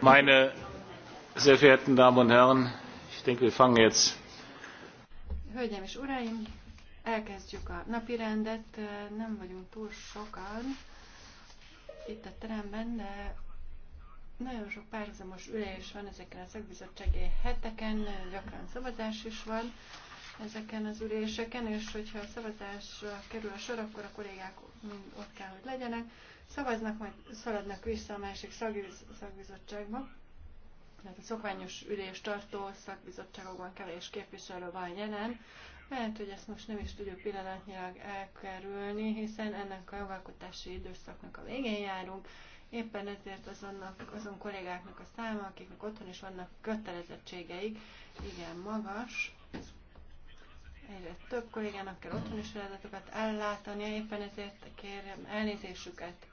Meine sehr verehrten Damen und Herren, ich denke, wir fangen jetzt. Hölgyeim és uraim, elkezdjük a napi rendet. Nem vagyunk túl sokan itt a teremben, de nagyon sok párhuzamos ülés van ezeken a szakbizottsági heteken, gyakran szabadás is van ezeken az üléseken, és hogyha a szavazás kerül a sor, akkor a kollégák mind ott kell, hogy legyenek. Szavaznak, majd szaladnak vissza a másik szakbiz- szakbizottságba. Tehát a szokványos ülés tartó szakbizottságokban kevés képviselő van jelen. Lehet, hogy ezt most nem is tudjuk pillanatnyilag elkerülni, hiszen ennek a jogalkotási időszaknak a végén járunk. Éppen ezért azonnak, azon kollégáknak a száma, akiknek otthon is vannak kötelezettségeik, igen magas egyre több kollégának kell otthoni feladatokat ellátani, éppen ezért kérem elnézésüket,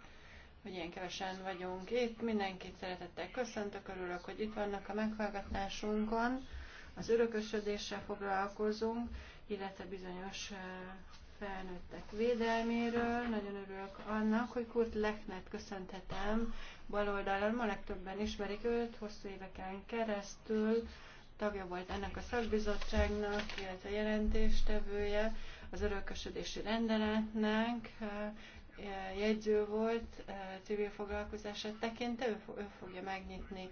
hogy ilyen kevesen vagyunk itt. Mindenkit szeretettel köszöntök, örülök, hogy itt vannak a meghallgatásunkon. Az örökösödéssel foglalkozunk, illetve bizonyos felnőttek védelméről. Nagyon örülök annak, hogy Kurt Lechnet köszönthetem baloldalon. Ma legtöbben ismerik őt, hosszú éveken keresztül tagja volt ennek a szakbizottságnak, illetve jelentéstevője az örökösödési rendeletnek, eh, jegyző volt eh, civil foglalkozását tekintve, ő, ő fogja megnyitni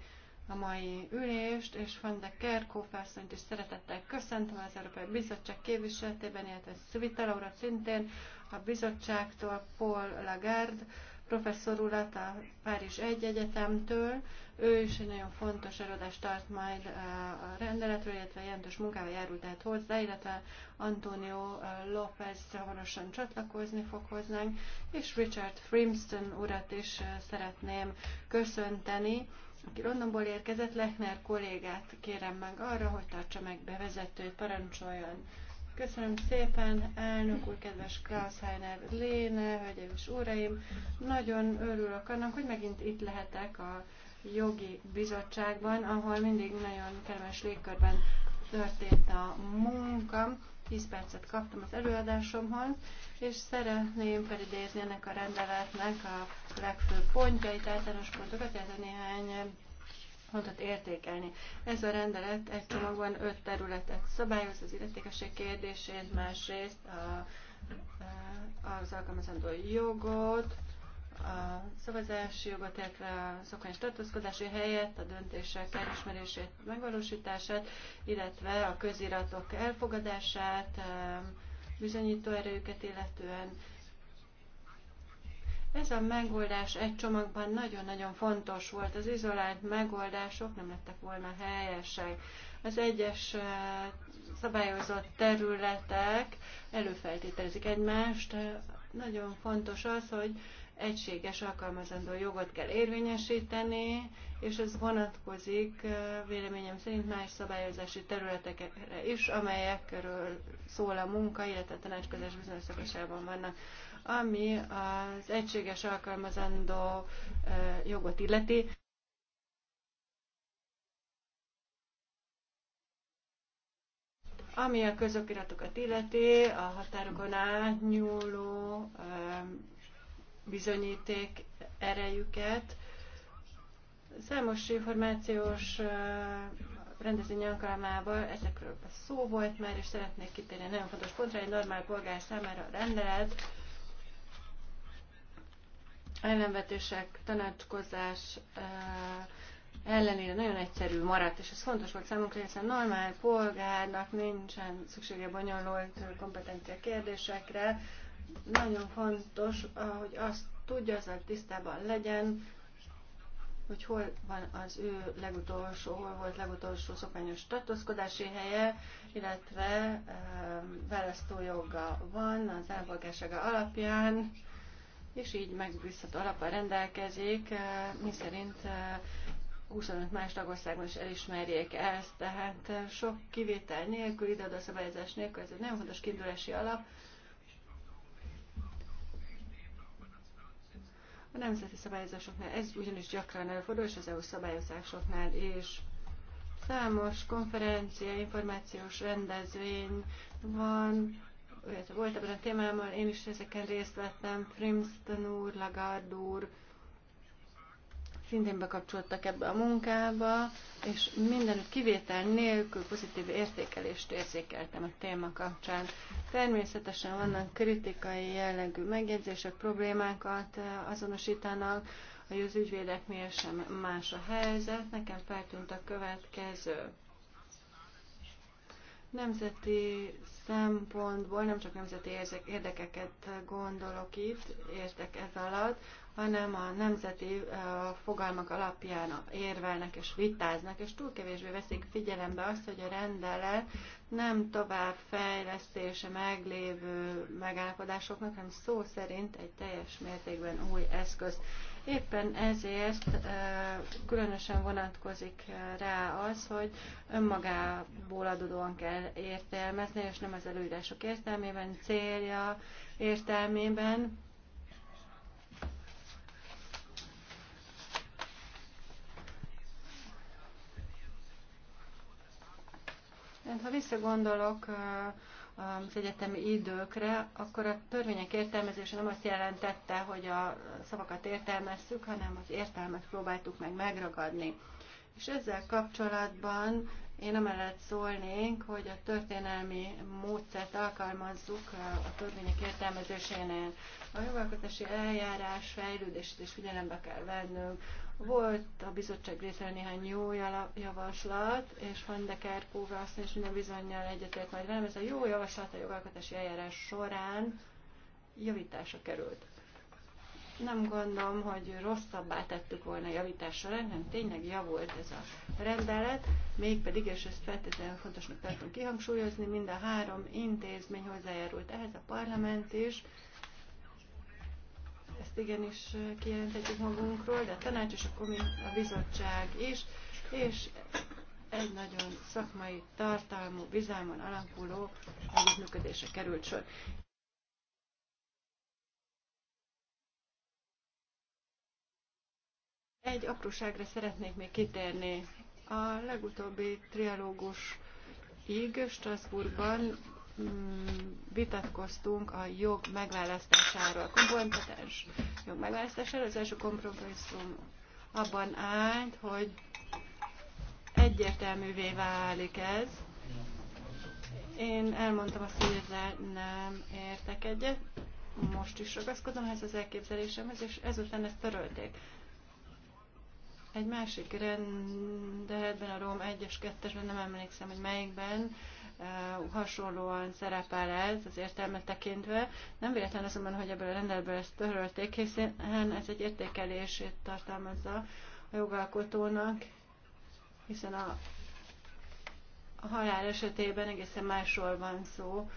a mai ülést, és Van de Kerkhoff asszonyt is szeretettel köszöntöm az Európai Bizottság képviseletében, illetve Szvita Laura szintén a bizottságtól, Paul Lagarde, professzor urat a Párizs Egy Egyetemtől, ő is egy nagyon fontos előadást tart majd a rendeletről, illetve jelentős munkával járult tehát hozzá, illetve Antonio López hamarosan csatlakozni fog hozzánk, és Richard Frimston urat is szeretném köszönteni, aki Londonból érkezett, Lechner kollégát kérem meg arra, hogy tartsa meg bevezetőt, parancsoljon. Köszönöm szépen, elnök úr, kedves Klaus Heiner Léne, hölgyeim és uraim. Nagyon örülök annak, hogy megint itt lehetek a jogi bizottságban, ahol mindig nagyon kellemes légkörben történt a munka. 10 percet kaptam az előadásomhoz, és szeretném felidézni ennek a rendeletnek a legfőbb pontjait, általános pontokat, illetve néhány pontot értékelni. Ez a rendelet egy csomagban öt területet szabályoz, az illetékesség kérdését, másrészt a, az alkalmazandó jogot, a szavazási jogot, illetve a szokványos tartózkodási helyet, a döntések elismerését, megvalósítását, illetve a köziratok elfogadását, bizonyító erőket illetően. Ez a megoldás egy csomagban nagyon-nagyon fontos volt. Az izolált megoldások nem lettek volna helyesek. Az egyes szabályozott területek előfeltételezik egymást. Nagyon fontos az, hogy egységes alkalmazandó jogot kell érvényesíteni, és ez vonatkozik véleményem szerint más szabályozási területekre is, amelyekről szól a munka, illetve a tanácskozás bizonyos szakosában vannak. Ami az egységes alkalmazandó jogot illeti, Ami a közokiratokat illeti, a határokon átnyúló bizonyíték erejüket. Számos információs rendezvény alkalmával ezekről szó volt már, és szeretnék kitérni nagyon fontos pontra, egy normál polgár számára a rendelet, ellenvetések, tanácskozás ellenére nagyon egyszerű maradt, és ez fontos volt számunkra, hiszen normál polgárnak nincsen szüksége bonyolult kompetencia kérdésekre, nagyon fontos, hogy azt tudja, az tisztában legyen, hogy hol van az ő legutolsó, hol volt legutolsó szokványos tartózkodási helye, illetve um, választójoga van az állampolgársága alapján, és így megbízható alapra rendelkezik, eh, szerint 25 eh, más tagországban is elismerjék ezt, tehát eh, sok kivétel nélkül, a szabályozás nélkül, ez egy nagyon fontos kiindulási alap, A nemzeti szabályozásoknál ez ugyanis gyakran előfordul, és az EU szabályozásoknál is. Számos konferencia, információs rendezvény van, volt ebben a témában, én is ezeken részt vettem, Frimston úr, Lagarde úr, szintén bekapcsoltak ebbe a munkába, és mindenütt kivétel nélkül pozitív értékelést érzékeltem a téma kapcsán. Természetesen vannak kritikai jellegű megjegyzések, problémákat azonosítanak, hogy az miért sem más a helyzet. Nekem feltűnt a következő. Nemzeti szempontból nem csak nemzeti érdekeket gondolok itt, értek ez alatt, hanem a nemzeti fogalmak alapján érvelnek és vitáznak, és túl kevésbé veszik figyelembe azt, hogy a rendelet nem tovább fejlesztése meglévő megállapodásoknak, hanem szó szerint egy teljes mértékben új eszköz. Éppen ezért különösen vonatkozik rá az, hogy önmagából adódóan kell értelmezni, és nem az előírások értelmében, célja értelmében, Tehát ha visszagondolok az egyetemi időkre, akkor a törvények értelmezése nem azt jelentette, hogy a szavakat értelmeztük, hanem az értelmet próbáltuk meg megragadni. És ezzel kapcsolatban én amellett szólnénk, hogy a történelmi módszert alkalmazzuk a törvények értelmezésénél. A jogalkotási eljárás fejlődését is figyelembe kell vennünk, volt a bizottság részéről néhány jó javaslat, és Van de Kerkóve azt is minden bizonyal egyetért majd velem, ez a jó javaslat a jogalkotási eljárás során javításra került. Nem gondolom, hogy rosszabbá tettük volna a javítás során, hanem tényleg javult ez a rendelet, mégpedig, és ezt feltétlenül fontosnak tartom kihangsúlyozni, mind a három intézmény hozzájárult ehhez, a parlament is, ezt igenis kijelenthetjük magunkról, de a tanács és a, a bizottság is, és egy nagyon szakmai, tartalmú, bizalmon alapuló együttműködése került sor. Egy apróságra szeretnék még kitérni. A legutóbbi Íg Strasbourgban Mm, vitatkoztunk a jog megválasztásáról, kompetens jog megválasztásáról. Az első kompromisszum abban állt, hogy egyértelművé válik ez. Én elmondtam azt, hogy ezzel nem értek egyet. Most is ragaszkodom ez az elképzelésemhez, és ezután ezt törölték. Egy másik rendeletben, a Róm 1-es, 2-esben, nem emlékszem, hogy melyikben, hasonlóan szerepel ez az értelmet tekintve. Nem véletlen azonban, hogy ebből a rendelből ezt törölték, hiszen ez egy értékelését tartalmazza a jogalkotónak, hiszen a, a halál esetében egészen másról van szó,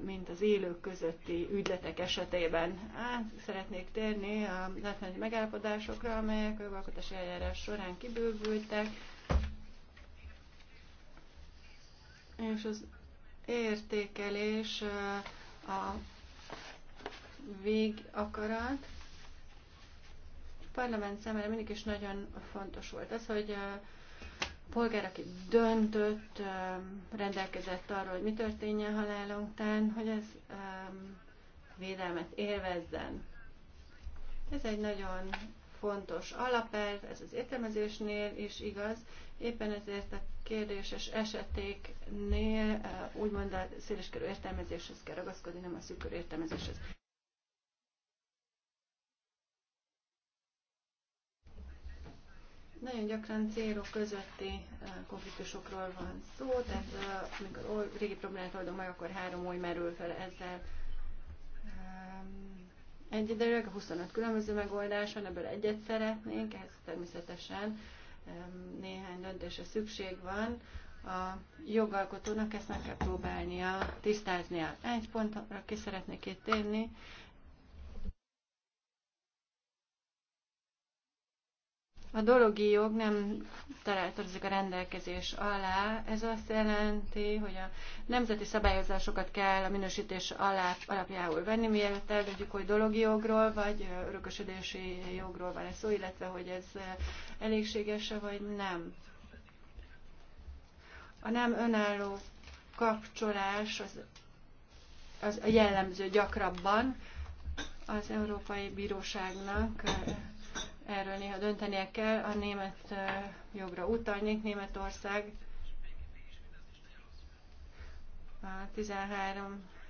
mint az élők közötti ügyletek esetében. Át szeretnék térni a átmeneti megállapodásokra, amelyek a jogalkotási eljárás során kibővültek, és az értékelés a vég a parlament számára mindig is nagyon fontos volt az, hogy a polgár, aki döntött, rendelkezett arról, hogy mi történjen halála után, hogy ez védelmet élvezzen. Ez egy nagyon fontos alapelv, ez az értelmezésnél is igaz, éppen ezért a kérdéses esetéknél eh, úgymond a széleskörű értelmezéshez kell ragaszkodni, nem a szűkörű értelmezéshez. Nagyon gyakran célok közötti eh, konfliktusokról van szó, tehát eh, amikor régi problémát oldom meg, akkor három új merül fel ezzel. Ehm, egyidejűleg a 25 különböző megoldás van, ebből egyet szeretnénk, ez természetesen néhány döntése szükség van, a jogalkotónak ezt meg kell próbálnia tisztáznia. Egy pontra ki szeretnék itt térni, A dologi jog nem találtozik a rendelkezés alá. Ez azt jelenti, hogy a nemzeti szabályozásokat kell a minősítés alá, alapjául venni, mielőtt eldöntjük, hogy dologi jogról vagy örökösödési jogról van szó, illetve hogy ez elégséges-e vagy nem. A nem önálló kapcsolás az, az jellemző gyakrabban az Európai Bíróságnak erről néha döntenie kell, a német jogra utalnék, Németország a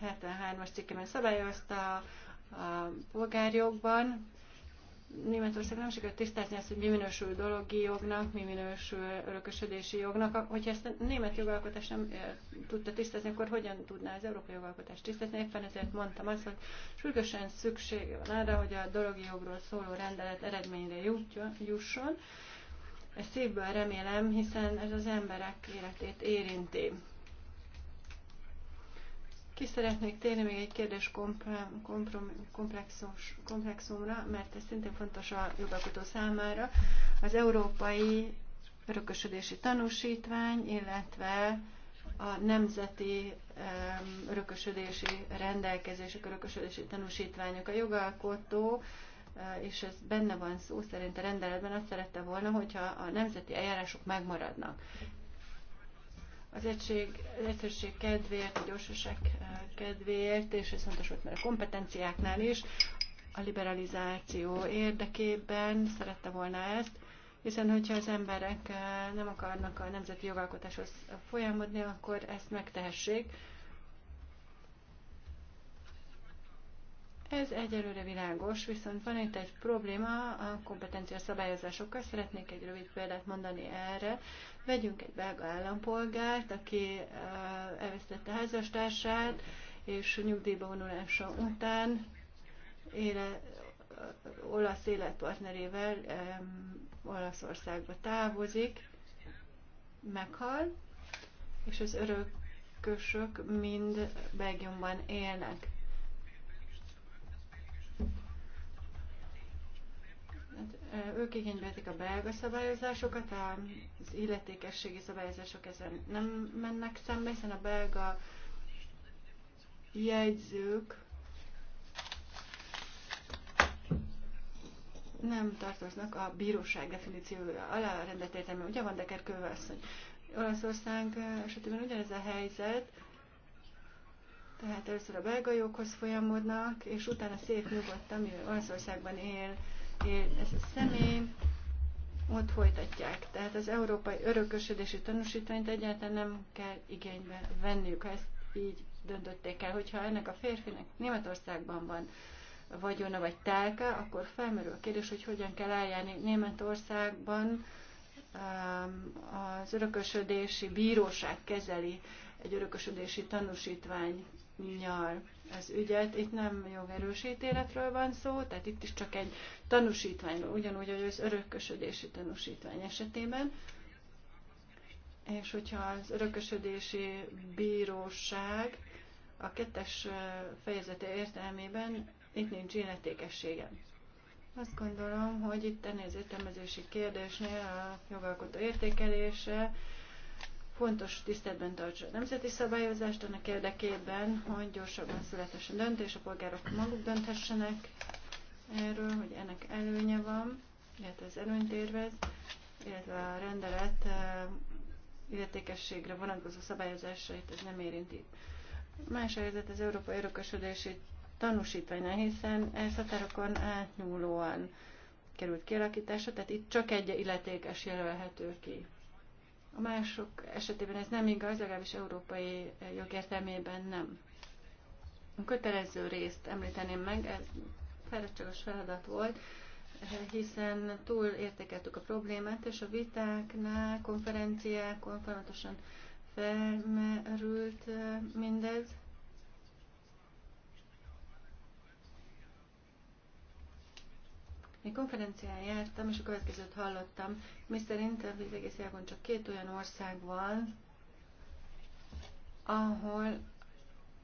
1373-as cikkeben szabályozta a polgárjogban, Németország nem sikerült tisztázni azt, hogy mi minősül dologi jognak, mi minősül örökösödési jognak. Hogyha ezt a német jogalkotás nem tudta tisztázni, akkor hogyan tudná az európai jogalkotást tisztázni? Éppen ezért mondtam azt, hogy sürgősen szükség van arra, hogy a dologi jogról szóló rendelet eredményre jusson. Ezt szívből remélem, hiszen ez az emberek életét érinti. Ki szeretnék térni még egy kérdés komplexumra, mert ez szintén fontos a jogalkotó számára. Az európai örökösödési tanúsítvány, illetve a nemzeti örökösödési rendelkezések, örökösödési tanúsítványok. A jogalkotó e, és ez benne van szó szerint a rendeletben, azt szerette volna, hogyha a nemzeti eljárások megmaradnak az, egység, az egyszerűség kedvéért, a gyorsaság kedvéért, és ez fontos volt, mert a kompetenciáknál is a liberalizáció érdekében szerette volna ezt, hiszen hogyha az emberek nem akarnak a nemzeti jogalkotáshoz folyamodni, akkor ezt megtehessék Ez egyelőre világos, viszont van itt egy probléma a kompetencia szabályozásokkal. Szeretnék egy rövid példát mondani erre. Vegyünk egy belga állampolgárt, aki eh, elvesztette házastársát, és nyugdíjba vonulása után éle, eh, olasz életpartnerével eh, Olaszországba távozik, meghal, és az örökösök mind Belgiumban élnek Hát, ők igénybe a belga szabályozásokat, az illetékességi szabályozások ezen nem mennek szembe, hiszen a belga jegyzők nem tartoznak a bíróság definíciója alá rendelt értelme. Ugye van Deker kővasszony? Olaszország esetében ugyanez a helyzet, tehát először a belga joghoz folyamodnak, és utána szép nyugodtan, ami Olaszországban él, él ez a személy, ott folytatják. Tehát az európai örökösödési tanúsítványt egyáltalán nem kell igénybe venniük, ha ezt így döntötték el. Hogyha ennek a férfinek Németországban van vagyona vagy telke, akkor felmerül a kérdés, hogy hogyan kell eljárni Németországban, az örökösödési bíróság kezeli egy örökösödési tanúsítványjal az ügyet. Itt nem jogerősítéletről van szó, tehát itt is csak egy tanúsítvány, ugyanúgy, hogy az örökösödési tanúsítvány esetében. És hogyha az örökösödési bíróság a kettes fejezete értelmében itt nincs illetékessége. Azt gondolom, hogy itt ennél az értelmezési kérdésnél a jogalkotó értékelése Fontos tiszteletben tartsa a nemzeti szabályozást annak érdekében, hogy gyorsabban születesen döntés, a polgárok maguk dönthessenek erről, hogy ennek előnye van, illetve az előnyt érvez, illetve a rendelet eh, illetékességre vonatkozó szabályozásait ez nem érinti. Más helyzet az Európai Örökösödési tanúsítványnál, hiszen ez határokon átnyúlóan került kialakítása, tehát itt csak egy illetékes jelölhető ki. A mások esetében ez nem igaz, legalábbis európai jogértelmében nem. A kötelező részt említeném meg, ez fáradtságos feladat volt, hiszen túl értékeltük a problémát, és a vitáknál, konferenciákon folyamatosan felmerült eh, mindez. Egy konferencián jártam, és a következőt hallottam, miszerint a világon csak két olyan ország van, ahol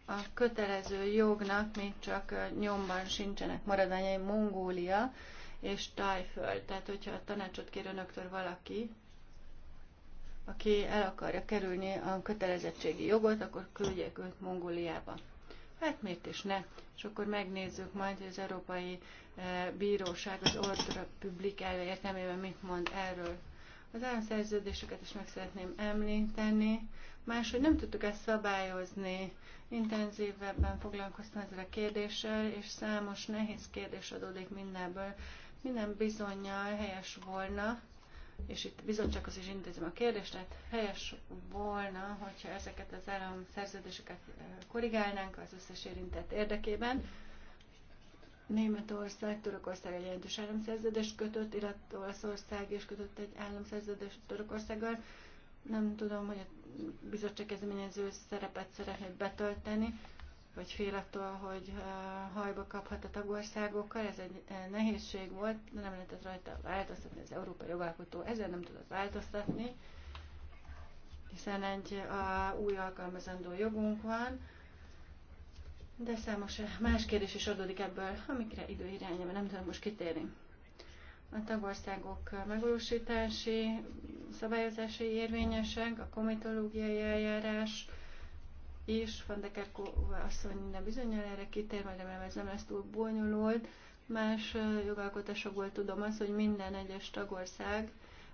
a kötelező jognak még csak nyomban sincsenek maradványai Mongólia és Tajföld. Tehát, hogyha a tanácsot kér önöktől valaki, aki el akarja kerülni a kötelezettségi jogot, akkor küldjék őt Mongóliába. Hát miért is ne? És akkor megnézzük majd, hogy az európai E, bíróság az ordra publikálja értelmében mit mond erről. Az államszerződéseket is meg szeretném említeni. Máshogy nem tudtuk ezt szabályozni. Intenzívebben foglalkoztam ezzel a kérdéssel, és számos nehéz kérdés adódik mindenből. Minden bizonyal helyes volna, és itt bizony csak az is intézem a kérdést, tehát helyes volna, hogyha ezeket az államszerződéseket e, korrigálnánk az összes érintett érdekében, Németország, Törökország egy jelentős államszerződést kötött, illetve Olaszország is kötött egy államszerződést Törökországgal. Nem tudom, hogy a bizottság kezdeményező szerepet szeretné betölteni, vagy fél attól, hogy eh, hajba kaphat a tagországokkal. Ez egy eh, nehézség volt, de nem lehetett rajta változtatni. Az Európai Jogalkotó ezzel nem tudott változtatni, hiszen egy a, eh, új alkalmazandó jogunk van, de számos más kérdés is adódik ebből, amikre időirányában nem tudom most kitérni. A tagországok megvalósítási, szabályozási érvényesek, a komitológiai eljárás, és Van de Kerkova asszony minden bizonyal erre kitér, majd remélem ez nem lesz túl bonyolult. Más jogalkotásokból tudom azt, hogy minden egyes tagország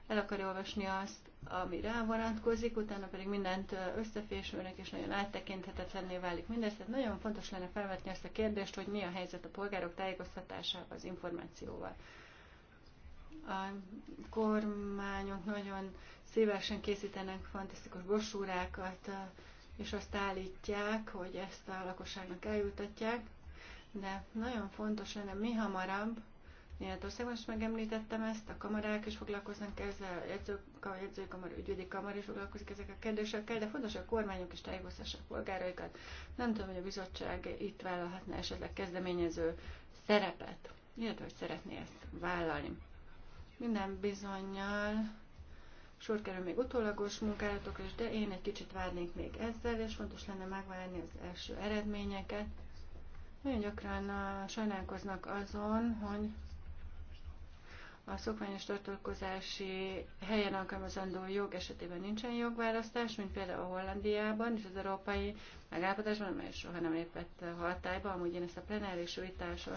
el akarja olvasni azt, ami rá vonatkozik, utána pedig mindent összefésülnek, és nagyon áttekinthetetlenné válik mindez. Tehát nagyon fontos lenne felvetni ezt a kérdést, hogy mi a helyzet a polgárok tájékoztatásával, az információval. A kormányok nagyon szívesen készítenek fantasztikus brosúrákat, és azt állítják, hogy ezt a lakosságnak eljutatják, de nagyon fontos lenne mi hamarabb Németországban is megemlítettem ezt, a kamarák is foglalkoznak ezzel, a jegyzőkamar, jegyzőkamar, ügyvédi kamar is foglalkozik ezek a kérdésekkel, de fontos, hogy a kormányok is tájékoztassák polgáraikat. Nem tudom, hogy a bizottság itt vállalhatna esetleg kezdeményező szerepet, illetve hogy szeretné ezt vállalni. Minden bizonyal sor kerül még utólagos munkálatokra is, de én egy kicsit várnék még ezzel, és fontos lenne megvárni az első eredményeket. Nagyon gyakran sajnálkoznak azon, hogy a szokványos tartalkozási helyen alkalmazandó jog esetében nincsen jogválasztás, mint például a Hollandiában és az európai megállapodásban, amely soha nem lépett hatályba. Amúgy én ezt a plenáris újításon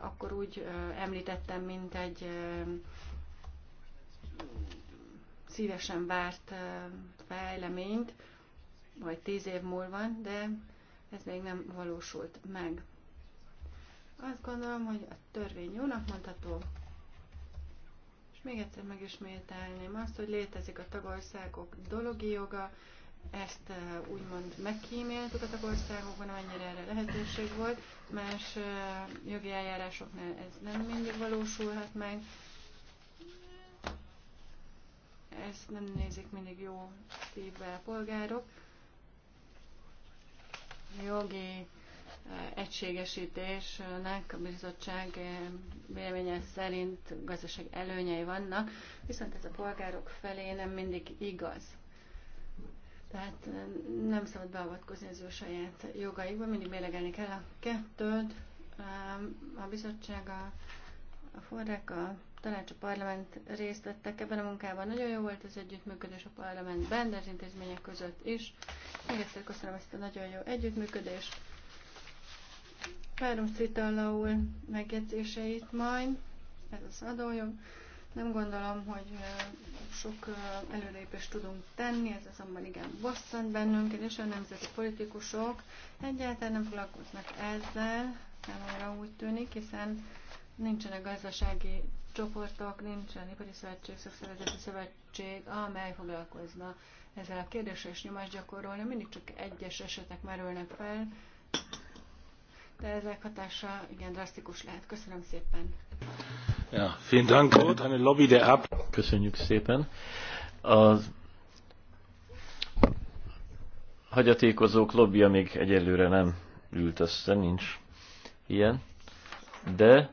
akkor úgy említettem, mint egy szívesen várt fejleményt, vagy tíz év múlva, de ez még nem valósult meg. Azt gondolom, hogy a törvény jónak mondható, még egyszer megismételném azt, hogy létezik a tagországok dologi joga, ezt eh, úgymond megkíméltük a tagországokban, amennyire erre lehetőség volt, más eh, jogi eljárásoknál ez nem mindig valósulhat meg. Ezt nem nézik mindig jó szívvel a polgárok. A jogi eh, egységesítésnek a bizottság véleménye szerint gazdaság előnyei vannak, viszont ez a polgárok felé nem mindig igaz. Tehát nem szabad beavatkozni az ő saját jogaikba, mindig mélegelni kell a kettőt, a bizottság, a, a forrák, a tanács, a parlament részt vettek ebben a munkában. Nagyon jó volt az együttműködés a parlamentben, de az intézmények között is. Még egyszer köszönöm ezt a nagyon jó együttműködést. Párom Citallaul megjegyzéseit majd, ez az adójog. Nem gondolom, hogy sok előrépést tudunk tenni, ez azonban igen bosszant bennünket, és a nemzeti politikusok egyáltalán nem foglalkoznak ezzel, Nem arra úgy tűnik, hiszen nincsenek gazdasági csoportok, nincsen ipari szövetség, szakszervezeti szövetség, amely foglalkozna ezzel a kérdéssel, és nyomást gyakorolni. Mindig csak egyes esetek merülnek fel, de ezek hatása igen drasztikus lehet. Köszönöm szépen. Ja, vielen Dank, Gott, Eine Lobby der Ab. Köszönjük szépen. Az hagyatékozók lobbia még egyelőre nem ült össze, nincs ilyen. De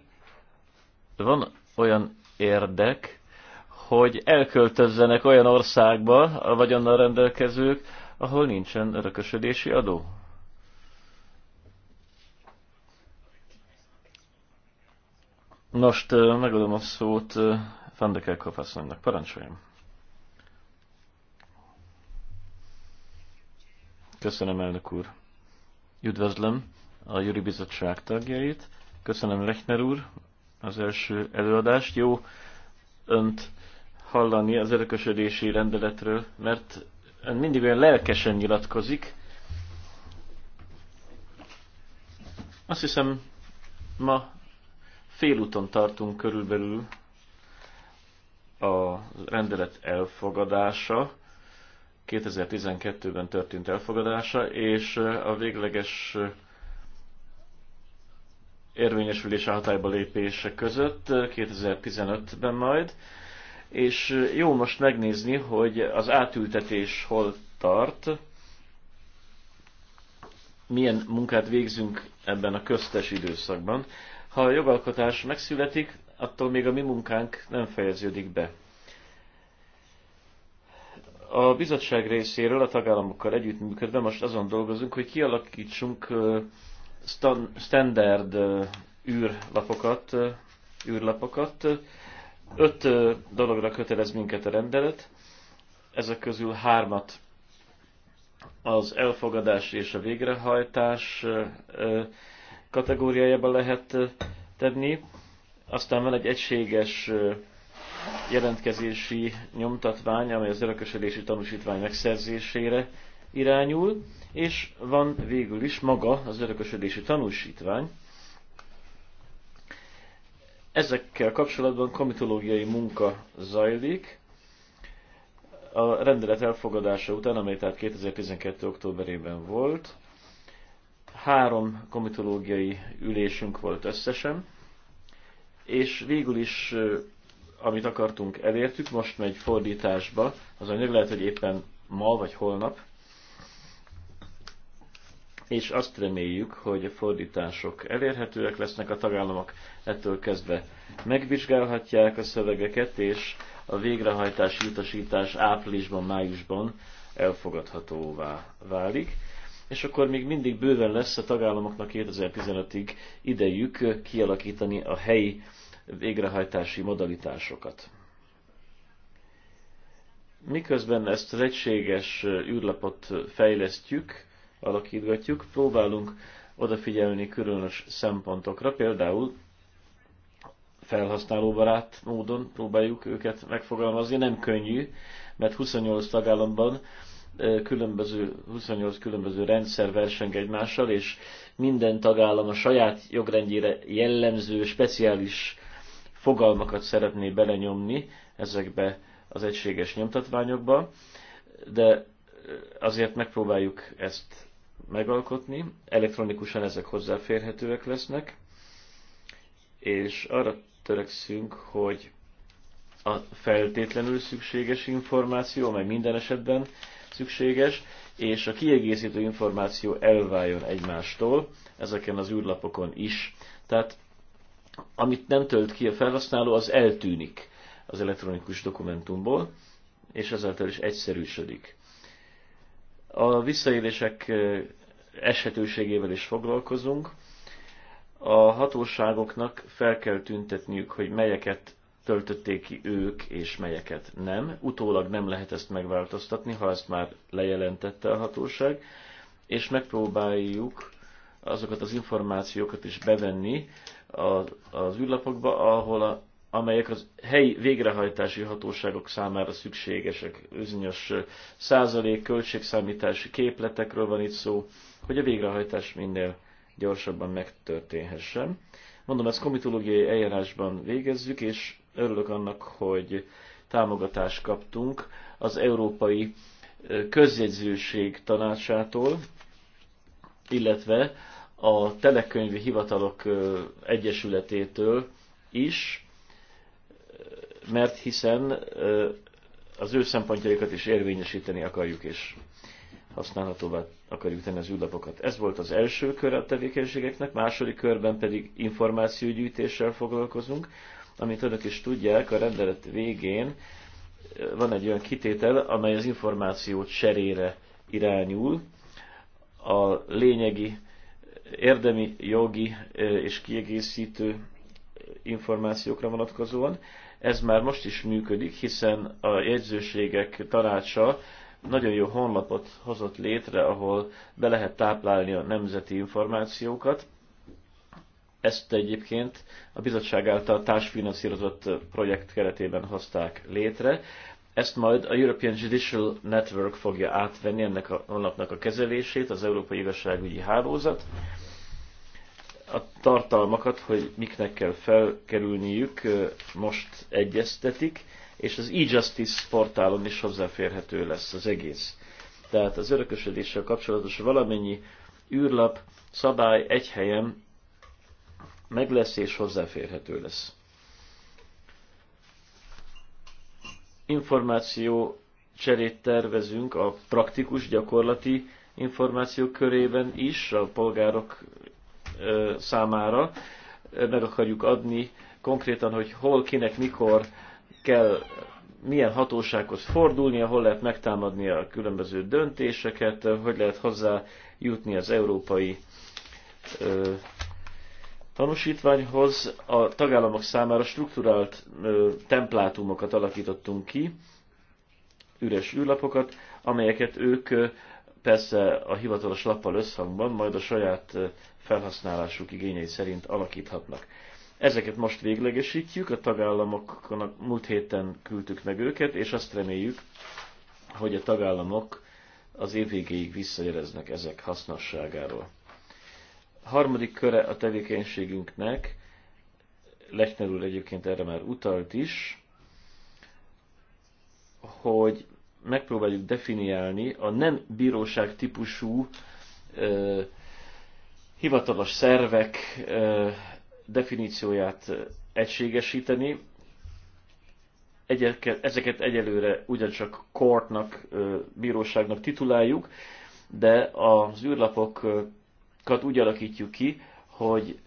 van olyan érdek, hogy elköltözzenek olyan országba a vagyonnal rendelkezők, ahol nincsen örökösödési adó. Most megadom a szót Van de Kerkhoff Köszönöm, elnök úr! Üdvözlöm a Jüri Bizottság tagjait. Köszönöm, Lechner úr, az első előadást. Jó önt hallani az örökösödési rendeletről, mert ön mindig olyan lelkesen nyilatkozik. Azt hiszem, ma Félúton tartunk körülbelül a rendelet elfogadása, 2012-ben történt elfogadása, és a végleges érvényesülése hatályba lépése között 2015-ben majd, és jó most megnézni, hogy az átültetés hol tart, milyen munkát végzünk ebben a köztes időszakban, ha a jogalkotás megszületik, attól még a mi munkánk nem fejeződik be. A bizottság részéről a tagállamokkal együttműködve most azon dolgozunk, hogy kialakítsunk standard űrlapokat, űrlapokat. Öt dologra kötelez minket a rendelet, ezek közül hármat az elfogadás és a végrehajtás kategóriájába lehet tenni. Aztán van egy egységes jelentkezési nyomtatvány, amely az örökösödési tanúsítvány megszerzésére irányul, és van végül is maga az örökösödési tanúsítvány. Ezekkel kapcsolatban komitológiai munka zajlik. A rendelet elfogadása után, amely tehát 2012. októberében volt, Három komitológiai ülésünk volt összesen, és végül is, amit akartunk, elértük, most megy fordításba, az anyag lehet, hogy éppen ma vagy holnap, és azt reméljük, hogy a fordítások elérhetőek lesznek, a tagállamok ettől kezdve megvizsgálhatják a szövegeket, és a végrehajtási utasítás áprilisban, májusban elfogadhatóvá válik és akkor még mindig bőven lesz a tagállamoknak 2015-ig idejük kialakítani a helyi végrehajtási modalitásokat. Miközben ezt az egységes űrlapot fejlesztjük, alakítgatjuk, próbálunk odafigyelni különös szempontokra, például felhasználóbarát módon próbáljuk őket megfogalmazni. Nem könnyű, mert 28 tagállamban különböző, 28 különböző rendszer verseng egymással, és minden tagállam a saját jogrendjére jellemző, speciális fogalmakat szeretné belenyomni ezekbe az egységes nyomtatványokba, de azért megpróbáljuk ezt megalkotni, elektronikusan ezek hozzáférhetőek lesznek, és arra törekszünk, hogy a feltétlenül szükséges információ, amely minden esetben szükséges, és a kiegészítő információ elváljon egymástól, ezeken az űrlapokon is. Tehát amit nem tölt ki a felhasználó, az eltűnik az elektronikus dokumentumból, és ezáltal is egyszerűsödik. A visszaélések eshetőségével is foglalkozunk. A hatóságoknak fel kell tüntetniük, hogy melyeket töltötték ki ők, és melyeket nem. Utólag nem lehet ezt megváltoztatni, ha ezt már lejelentette a hatóság, és megpróbáljuk azokat az információkat is bevenni az, űrlapokba, ahol a, amelyek az helyi végrehajtási hatóságok számára szükségesek. Özönyös százalék, költségszámítási képletekről van itt szó, hogy a végrehajtás minél gyorsabban megtörténhessen. Mondom, ezt komitológiai eljárásban végezzük, és örülök annak, hogy támogatást kaptunk az Európai Közjegyzőség tanácsától, illetve a telekönyvi hivatalok egyesületétől is, mert hiszen az ő szempontjaikat is érvényesíteni akarjuk, és használhatóvá akarjuk tenni az űrlapokat. Ez volt az első kör a tevékenységeknek, második körben pedig információgyűjtéssel foglalkozunk. Amit önök is tudják, a rendelet végén eh, van egy olyan kitétel, amely az információt serére irányul. A lényegi, eh, érdemi, jogi eh, és kiegészítő információkra vonatkozóan. Ez már most is működik, hiszen a jegyzőségek tanácsa nagyon jó honlapot hozott létre, ahol be lehet táplálni a nemzeti információkat, ezt egyébként a bizottság által társfinanszírozott projekt keretében hozták létre. Ezt majd a European Judicial Network fogja átvenni ennek a honlapnak a kezelését, az Európai Igazságügyi Hálózat. A tartalmakat, hogy miknek kell felkerülniük, most egyeztetik, és az e-justice portálon is hozzáférhető lesz az egész. Tehát az örökösödéssel kapcsolatos valamennyi űrlap, szabály egy helyen meg lesz és hozzáférhető lesz. Információ cserét tervezünk a praktikus, gyakorlati információk körében is a polgárok számára. Meg akarjuk adni konkrétan, hogy hol, kinek, mikor kell milyen hatósághoz fordulni, hol lehet megtámadni a különböző döntéseket, hogy lehet hozzá jutni az európai tanúsítványhoz a tagállamok számára struktúrált templátumokat alakítottunk ki, üres űrlapokat, amelyeket ők persze a hivatalos lappal összhangban, majd a saját felhasználásuk igényei szerint alakíthatnak. Ezeket most véglegesítjük, a tagállamoknak múlt héten küldtük meg őket, és azt reméljük, hogy a tagállamok az év végéig visszajeleznek ezek hasznosságáról harmadik köre a tevékenységünknek, Lechner úr egyébként erre már utalt is, hogy megpróbáljuk definiálni a nem bíróság típusú ö, hivatalos szervek ö, definícióját egységesíteni. Egyeket, ezeket egyelőre ugyancsak kortnak, bíróságnak tituláljuk, de az űrlapok úgy alakítjuk ki, hogy,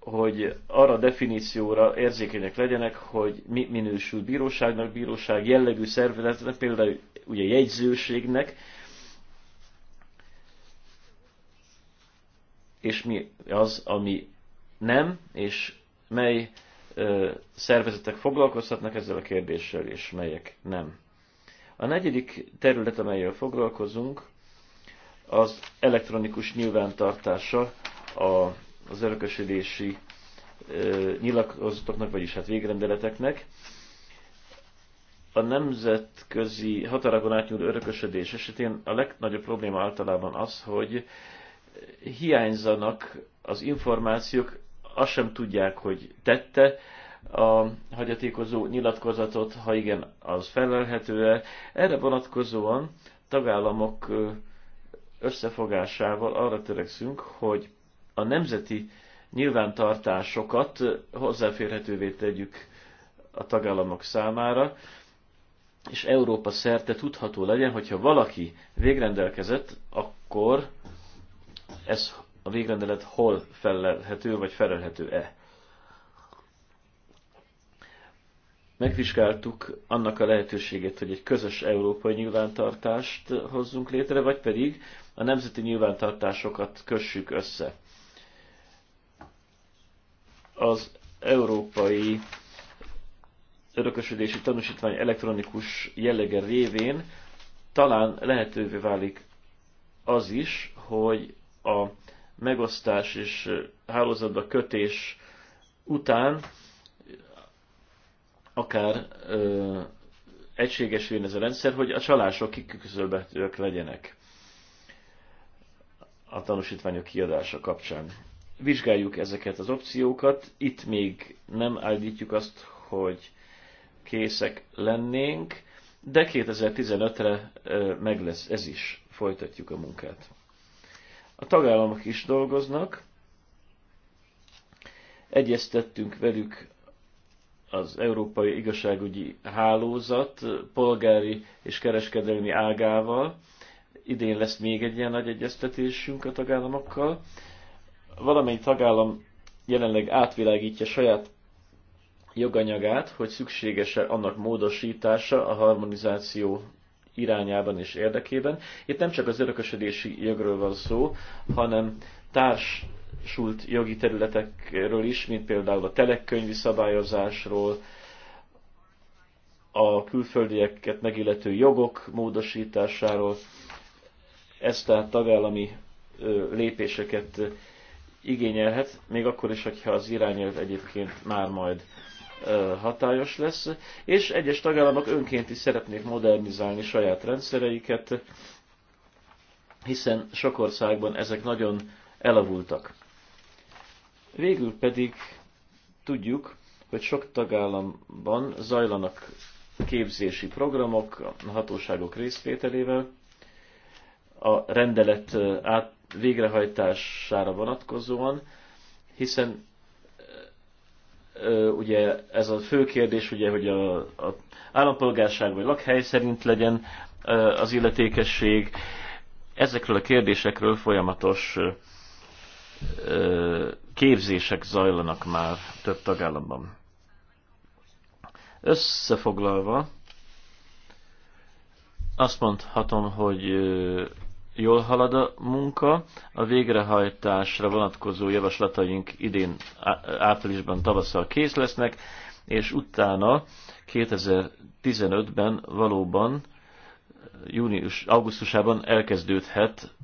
hogy arra a definícióra érzékenyek legyenek, hogy mi minősül bíróságnak, bíróság jellegű szervezetnek, például ugye jegyzőségnek, és mi az, ami nem, és mely ö, szervezetek foglalkozhatnak ezzel a kérdéssel, és melyek nem. A negyedik terület, amelyel foglalkozunk, az elektronikus nyilvántartása az örökösödési nyilatkozatoknak, vagyis hát végrendeleteknek. A nemzetközi határokon átnyúló örökösödés esetén a legnagyobb probléma általában az, hogy hiányzanak az információk, azt sem tudják, hogy tette a hagyatékozó nyilatkozatot, ha igen, az felelhető-e. Erre vonatkozóan tagállamok összefogásával arra törekszünk, hogy a nemzeti nyilvántartásokat hozzáférhetővé tegyük a tagállamok számára, és Európa szerte tudható legyen, hogyha valaki végrendelkezett, akkor ez a végrendelet hol felelhető, vagy felelhető-e. Megvizsgáltuk annak a lehetőségét, hogy egy közös európai nyilvántartást hozzunk létre, vagy pedig a nemzeti nyilvántartásokat kössük össze. Az európai örökösödési tanúsítvány elektronikus jellege révén talán lehetővé válik az is, hogy a megosztás és hálózatba kötés után akár ö, egységesüljön ez a rendszer, hogy a csalások kiküzölbetőek legyenek a tanúsítványok kiadása kapcsán. Vizsgáljuk ezeket az opciókat. Itt még nem állítjuk azt, hogy készek lennénk, de 2015-re meg lesz ez is. Folytatjuk a munkát. A tagállamok is dolgoznak. Egyeztettünk velük az Európai Igazságügyi Hálózat polgári és kereskedelmi ágával, idén lesz még egy ilyen nagy egyeztetésünk a tagállamokkal. Valamely tagállam jelenleg átvilágítja saját joganyagát, hogy szükséges-e annak módosítása a harmonizáció irányában és érdekében. Itt nem csak az örökösödési jogról van szó, hanem társult jogi területekről is, mint például a telekkönyvi szabályozásról, a külföldieket megillető jogok módosításáról, ezt tehát tagállami lépéseket igényelhet, még akkor is, hogyha az irányelv egyébként már majd hatályos lesz, és egyes tagállamok önként is szeretnék modernizálni saját rendszereiket, hiszen sok országban ezek nagyon elavultak. Végül pedig tudjuk, hogy sok tagállamban zajlanak képzési programok a hatóságok részvételével, a rendelet át, végrehajtására vonatkozóan, hiszen ugye ez a fő kérdés, ugye, hogy a, a állampolgárság vagy lakhely szerint legyen az illetékesség. Ezekről a kérdésekről folyamatos képzések zajlanak már több tagállamban. Összefoglalva, azt mondhatom, hogy jól halad a munka. A végrehajtásra vonatkozó javaslataink idén áprilisban tavasszal kész lesznek, és utána 2015-ben valóban június, augusztusában elkezdődhet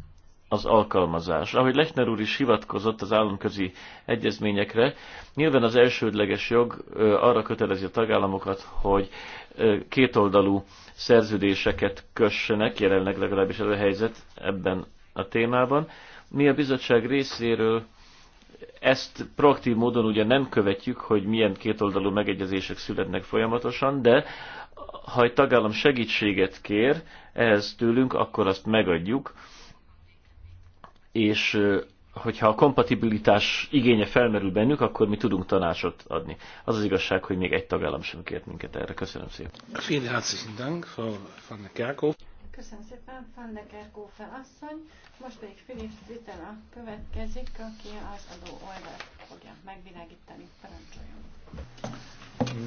az alkalmazás. Ahogy Lechner úr is hivatkozott az államközi egyezményekre, nyilván az elsődleges jog arra kötelezi a tagállamokat, hogy kétoldalú szerződéseket kössenek, jelenleg legalábbis ez a helyzet ebben a témában. Mi a bizottság részéről ezt proaktív módon ugye nem követjük, hogy milyen kétoldalú megegyezések születnek folyamatosan, de ha egy tagállam segítséget kér ehhez tőlünk, akkor azt megadjuk, és hogyha a kompatibilitás igénye felmerül bennük, akkor mi tudunk tanácsot adni. Az az igazság, hogy még egy tagállam sem kért minket erre. Köszönöm szépen. Vielen herzlichen Dank, Frau Köszönöm szépen, Fanne Kerkó felasszony. Most pedig Filip Zitela következik, aki az adó oldalt fogja megvilágítani. Parancsoljon.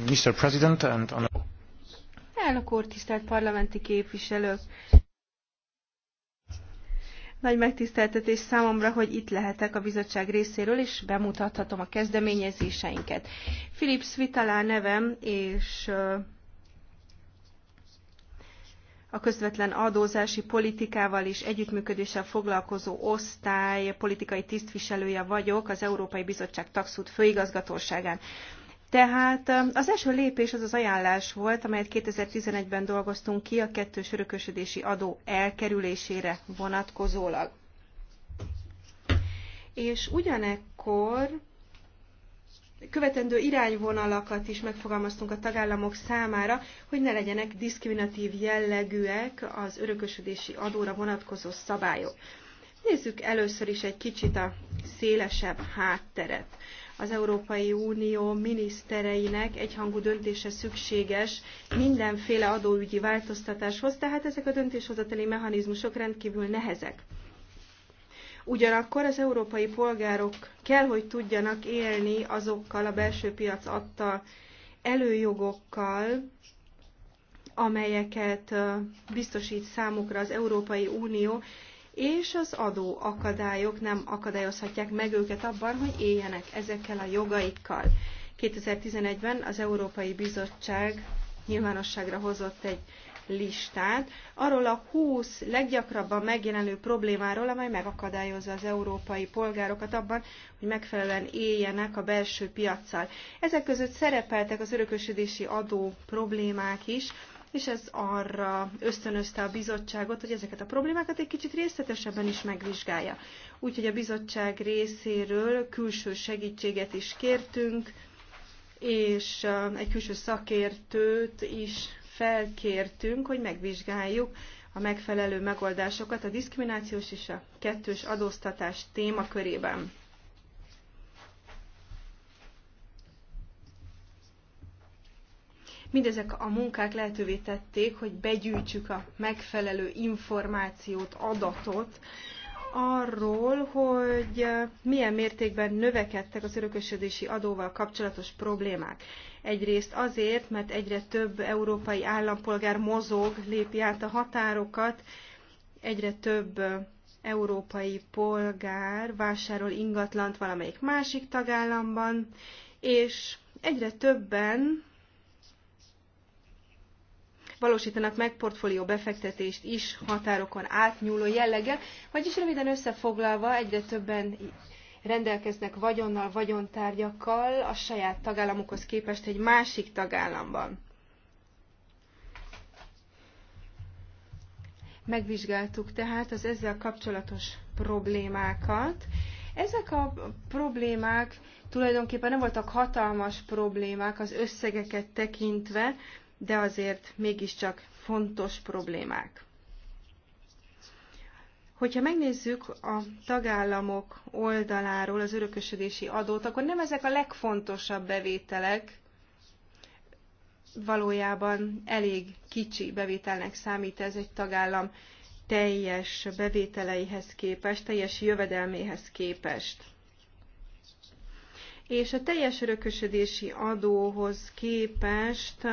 Mr. President and... Elnök úr, tisztelt parlamenti képviselők! Nagy megtiszteltetés számomra, hogy itt lehetek a bizottság részéről, és bemutathatom a kezdeményezéseinket. Philip Svitalá nevem, és a közvetlen adózási politikával és együttműködéssel foglalkozó osztály politikai tisztviselője vagyok az Európai Bizottság taxút főigazgatóságán. Tehát az első lépés az az ajánlás volt, amelyet 2011-ben dolgoztunk ki a kettős örökösödési adó elkerülésére vonatkozólag. És ugyanekkor követendő irányvonalakat is megfogalmaztunk a tagállamok számára, hogy ne legyenek diszkriminatív jellegűek az örökösödési adóra vonatkozó szabályok. Nézzük először is egy kicsit a szélesebb hátteret az Európai Unió minisztereinek egyhangú döntése szükséges mindenféle adóügyi változtatáshoz, tehát ezek a döntéshozatali mechanizmusok rendkívül nehezek. Ugyanakkor az európai polgárok kell, hogy tudjanak élni azokkal a belső piac adta előjogokkal, amelyeket biztosít számukra az Európai Unió, és az adó akadályok nem akadályozhatják meg őket abban, hogy éljenek ezekkel a jogaikkal. 2011-ben az Európai Bizottság nyilvánosságra hozott egy listát arról a 20 leggyakrabban megjelenő problémáról, amely megakadályozza az európai polgárokat abban, hogy megfelelően éljenek a belső piaccal. Ezek között szerepeltek az örökösödési adó problémák is, és ez arra ösztönözte a bizottságot, hogy ezeket a problémákat egy kicsit részletesebben is megvizsgálja. Úgyhogy a bizottság részéről külső segítséget is kértünk, és egy külső szakértőt is felkértünk, hogy megvizsgáljuk a megfelelő megoldásokat a diszkriminációs és a kettős adóztatás témakörében. Mindezek a munkák lehetővé tették, hogy begyűjtsük a megfelelő információt, adatot arról, hogy eh, milyen mértékben növekedtek az örökösödési adóval kapcsolatos problémák. Egyrészt azért, mert egyre több európai állampolgár mozog, lépi át a határokat, egyre több eh, európai polgár vásárol ingatlant valamelyik másik tagállamban, és egyre többen valósítanak meg portfólió befektetést is határokon átnyúló jelleggel, vagyis röviden összefoglalva egyre többen rendelkeznek vagyonnal, vagyontárgyakkal a saját tagállamukhoz képest egy másik tagállamban. Megvizsgáltuk tehát az ezzel kapcsolatos problémákat. Ezek a problémák tulajdonképpen nem voltak hatalmas problémák az összegeket tekintve, de azért mégiscsak fontos problémák. Hogyha megnézzük a tagállamok oldaláról az örökösödési adót, akkor nem ezek a legfontosabb bevételek, valójában elég kicsi bevételnek számít ez egy tagállam teljes bevételeihez képest, teljes jövedelméhez képest. És a teljes örökösödési adóhoz képest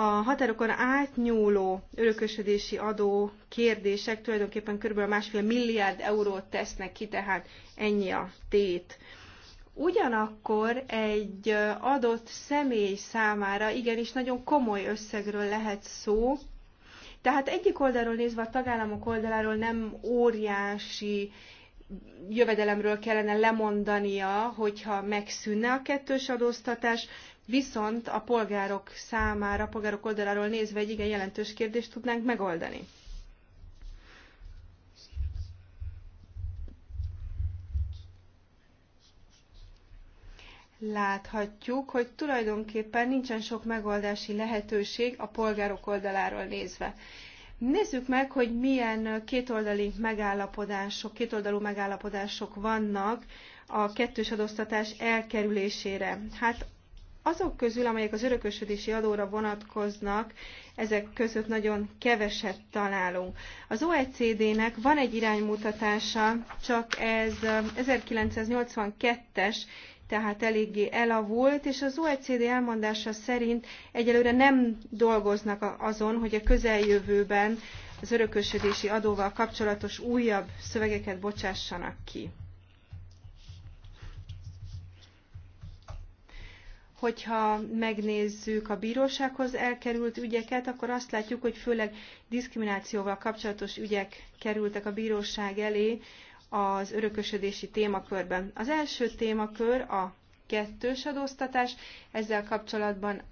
a határokon átnyúló örökösödési adó kérdések tulajdonképpen kb. másfél milliárd eurót tesznek ki, tehát ennyi a tét. Ugyanakkor egy adott személy számára igenis nagyon komoly összegről lehet szó, tehát egyik oldalról nézve a tagállamok oldaláról nem óriási jövedelemről kellene lemondania, hogyha megszűnne a kettős adóztatás, viszont a polgárok számára, a polgárok oldaláról nézve egy igen jelentős kérdést tudnánk megoldani. láthatjuk, hogy tulajdonképpen nincsen sok megoldási lehetőség a polgárok oldaláról nézve. Nézzük meg, hogy milyen kétoldali megállapodások, kétoldalú megállapodások vannak a kettős adóztatás elkerülésére. Hát azok közül, amelyek az örökösödési adóra vonatkoznak, ezek között nagyon keveset találunk. Az OECD-nek van egy iránymutatása, csak ez 1982-es, um, tehát eléggé elavult, és az OECD elmondása szerint egyelőre nem dolgoznak azon, hogy a közeljövőben az örökösödési adóval kapcsolatos újabb szövegeket bocsássanak ki. hogyha megnézzük a bírósághoz elkerült ügyeket, akkor azt látjuk, hogy főleg diszkriminációval kapcsolatos ügyek kerültek a bíróság elé az örökösödési témakörben. Az első témakör a kettős adóztatás, ezzel kapcsolatban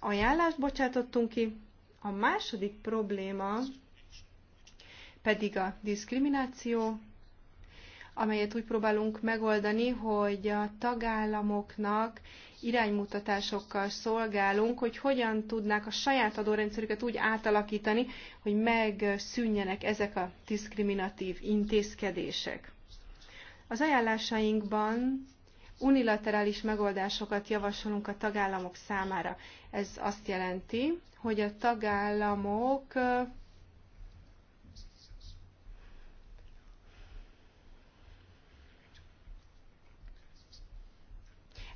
ajánlást bocsátottunk ki. A második probléma pedig a diszkrimináció, amelyet úgy próbálunk megoldani, hogy a tagállamoknak iránymutatásokkal szolgálunk, hogy hogyan tudnák a saját adórendszerüket úgy átalakítani, hogy megszűnjenek ezek a diszkriminatív intézkedések. Az ajánlásainkban unilaterális megoldásokat javasolunk a tagállamok számára. Ez azt jelenti, hogy a tagállamok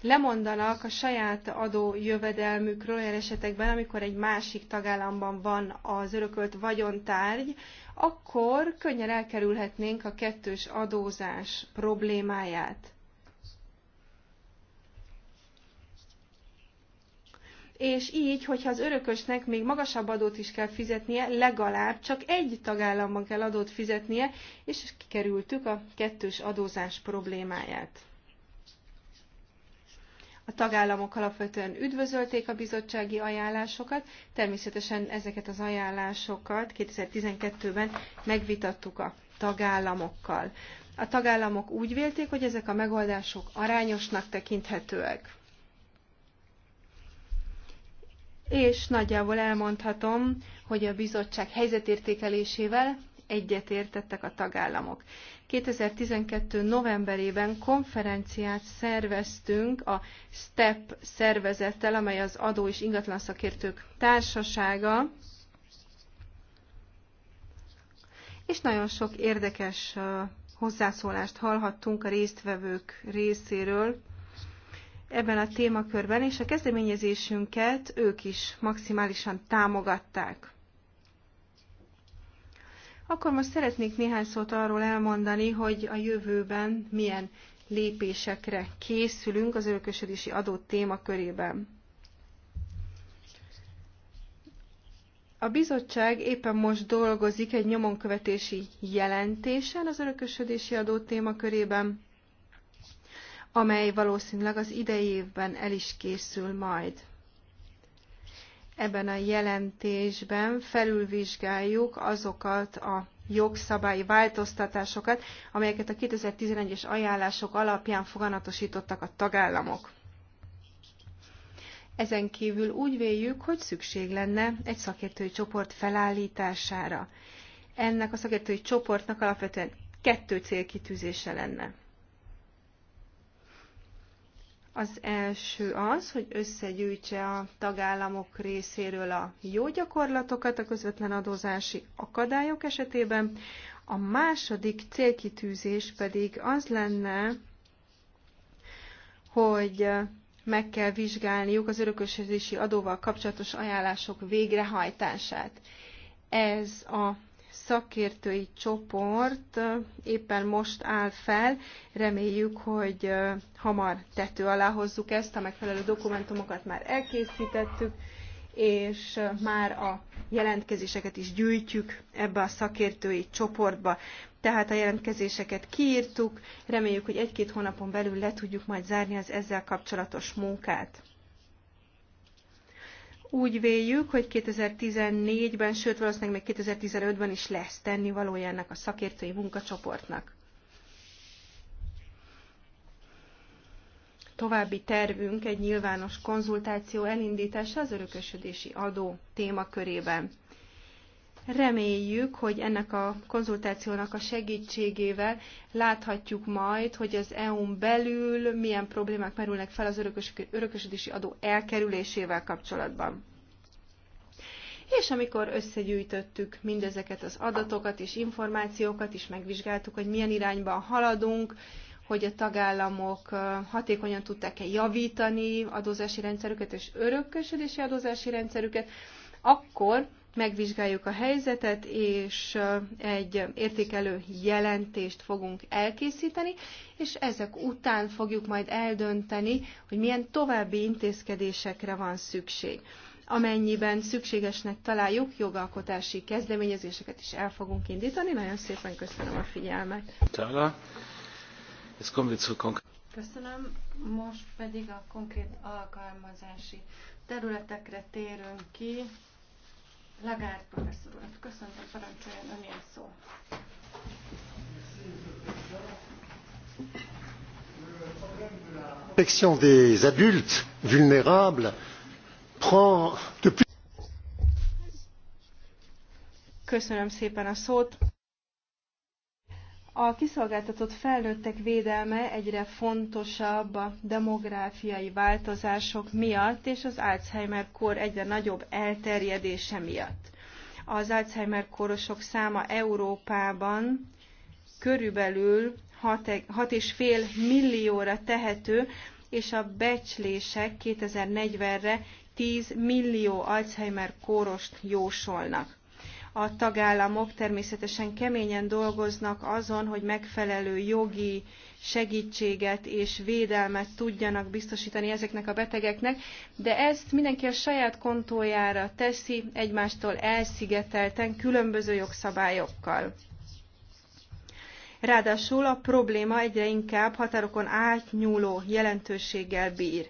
lemondanak a saját adó jövedelmükről olyan esetekben, amikor egy másik tagállamban van az örökölt vagyontárgy, akkor könnyen elkerülhetnénk a kettős adózás problémáját. és így, hogyha az örökösnek még magasabb adót is kell fizetnie, legalább csak egy tagállamban kell adót fizetnie, és kikerültük a kettős adózás problémáját. A tagállamok alapvetően üdvözölték a bizottsági ajánlásokat, természetesen ezeket az ajánlásokat 2012-ben megvitattuk a tagállamokkal. A tagállamok úgy vélték, hogy ezek a megoldások arányosnak tekinthetőek. És nagyjából elmondhatom, hogy a bizottság helyzetértékelésével egyet értettek a tagállamok. 2012. novemberében konferenciát szerveztünk a STEP szervezettel, amely az adó és ingatlan szakértők társasága, és nagyon sok érdekes hozzászólást hallhattunk a résztvevők részéről ebben a témakörben, és a kezdeményezésünket ők is maximálisan támogatták. Akkor most szeretnék néhány szót arról elmondani, hogy a jövőben milyen lépésekre készülünk az örökösödési adó témakörében. A bizottság éppen most dolgozik egy nyomonkövetési jelentésen az örökösödési adó témakörében, amely valószínűleg az idei évben el is készül majd. Ebben a jelentésben felülvizsgáljuk azokat a jogszabályi változtatásokat, amelyeket a 2011-es ajánlások alapján foganatosítottak a tagállamok. Ezen kívül úgy véljük, hogy szükség lenne egy szakértői csoport felállítására. Ennek a szakértői csoportnak alapvetően kettő célkitűzése lenne. Az első az, hogy összegyűjtse a tagállamok részéről a jó gyakorlatokat a közvetlen adózási akadályok esetében. A második célkitűzés pedig az lenne, hogy meg kell vizsgálniuk az örökösödési adóval kapcsolatos ajánlások végrehajtását. Ez a szakértői csoport éppen most áll fel. Reméljük, hogy hamar tető alá hozzuk ezt, a megfelelő dokumentumokat már elkészítettük, és már a jelentkezéseket is gyűjtjük ebbe a szakértői csoportba. Tehát a jelentkezéseket kiírtuk, reméljük, hogy egy-két hónapon belül le tudjuk majd zárni az ezzel kapcsolatos munkát. Úgy véljük, hogy 2014-ben, sőt valószínűleg még 2015-ben is lesz tennivalója ennek a szakértői munkacsoportnak. További tervünk egy nyilvános konzultáció elindítása az örökösödési adó témakörében. Reméljük, hogy ennek a konzultációnak a segítségével láthatjuk majd, hogy az EU-n belül milyen problémák merülnek fel az örökösödési adó elkerülésével kapcsolatban. És amikor összegyűjtöttük mindezeket az adatokat és információkat, és megvizsgáltuk, hogy milyen irányban haladunk, hogy a tagállamok hatékonyan tudták-e javítani adózási rendszerüket és örökösödési adózási rendszerüket, akkor megvizsgáljuk a helyzetet, és egy értékelő jelentést fogunk elkészíteni, és ezek után fogjuk majd eldönteni, hogy milyen további intézkedésekre van szükség. Amennyiben szükségesnek találjuk, jogalkotási kezdeményezéseket is el fogunk indítani. Nagyon szépen köszönöm a figyelmet. Köszönöm. Most pedig a konkrét alkalmazási területekre térünk ki. Lagárt professzor urat köszöntöm, parancsoljon ön ilyen szó. protection des adultes vulnérables prend de plus Köszönöm szépen a szót. A kiszolgáltatott felnőttek védelme egyre fontosabb a demográfiai változások miatt és az Alzheimer-kor egyre nagyobb elterjedése miatt. Az Alzheimer-korosok száma Európában körülbelül 6,5 e- millióra tehető, és a becslések 2040-re 10 millió Alzheimer kórost jósolnak. A tagállamok természetesen keményen dolgoznak azon, hogy megfelelő jogi segítséget és védelmet tudjanak biztosítani ezeknek a betegeknek, de ezt mindenki a saját kontójára teszi, egymástól elszigetelten, különböző jogszabályokkal. Ráadásul a probléma egyre inkább határokon átnyúló jelentőséggel bír.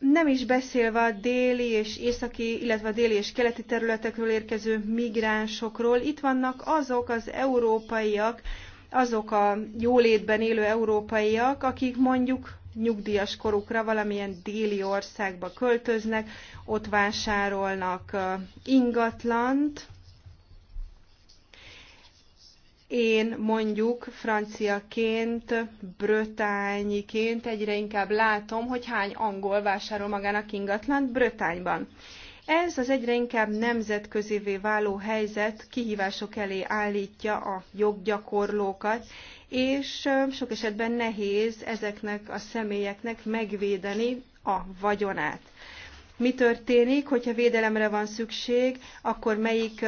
Nem is beszélve a déli és északi, illetve a déli és keleti területekről érkező migránsokról, itt vannak azok az európaiak, azok a jólétben élő európaiak, akik mondjuk nyugdíjas korukra valamilyen déli országba költöznek, ott vásárolnak ingatlant, én mondjuk franciaként, brötányiként egyre inkább látom, hogy hány angol vásárol magának ingatlant Brötányban. Ez az egyre inkább nemzetközévé váló helyzet kihívások elé állítja a joggyakorlókat, és sok esetben nehéz ezeknek a személyeknek megvédeni a vagyonát mi történik, hogyha védelemre van szükség, akkor melyik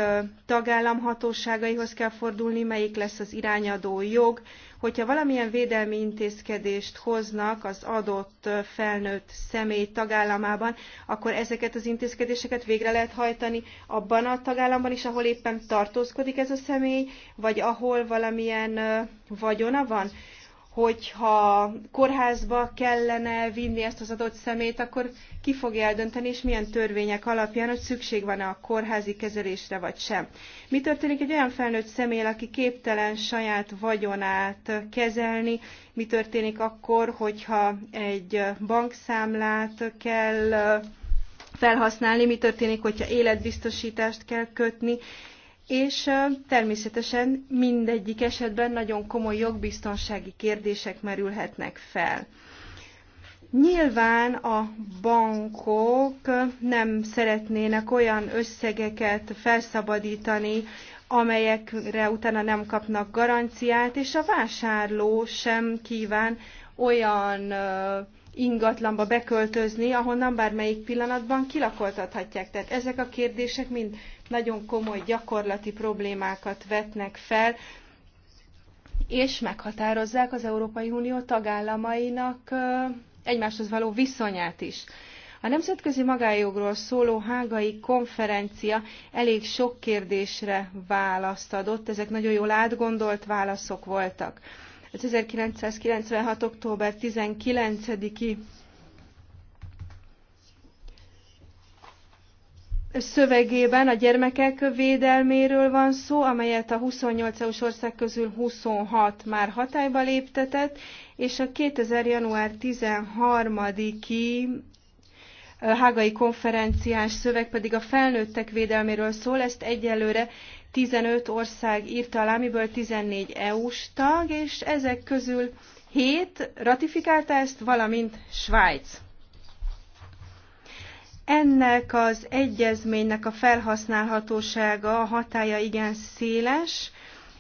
tagállam hatóságaihoz kell fordulni, melyik lesz az irányadó jog, hogyha valamilyen védelmi intézkedést hoznak az adott felnőtt személy tagállamában, akkor ezeket az intézkedéseket végre lehet hajtani abban a tagállamban is, ahol éppen tartózkodik ez a személy, vagy ahol valamilyen vagyona van hogyha kórházba kellene vinni ezt az adott szemét, akkor ki fogja eldönteni, és milyen törvények alapján, hogy szükség van-e a kórházi kezelésre, vagy sem. Mi történik egy olyan felnőtt személy, aki képtelen saját vagyonát kezelni? Mi történik akkor, hogyha egy bankszámlát kell felhasználni? Mi történik, hogyha életbiztosítást kell kötni? és természetesen mindegyik esetben nagyon komoly jogbiztonsági kérdések merülhetnek fel. Nyilván a bankok nem szeretnének olyan összegeket felszabadítani, amelyekre utána nem kapnak garanciát, és a vásárló sem kíván olyan ingatlanba beköltözni, ahonnan bármelyik pillanatban kilakoltathatják. Tehát ezek a kérdések mind nagyon komoly gyakorlati problémákat vetnek fel, és meghatározzák az Európai Unió tagállamainak egymáshoz való viszonyát is. A nemzetközi magájogról szóló hágai konferencia elég sok kérdésre választ adott, ezek nagyon jól átgondolt válaszok voltak. Az 1996. október 19-i szövegében a gyermekek védelméről van szó, amelyet a 28 EU-s ország közül 26 már hatályba léptetett, és a 2000. január 13-i hágai konferenciás szöveg pedig a felnőttek védelméről szól, ezt egyelőre 15 ország írta alá, amiből 14 EU-s tag, és ezek közül 7 ratifikálta ezt, valamint Svájc. Ennek az egyezménynek a felhasználhatósága, a hatája igen széles.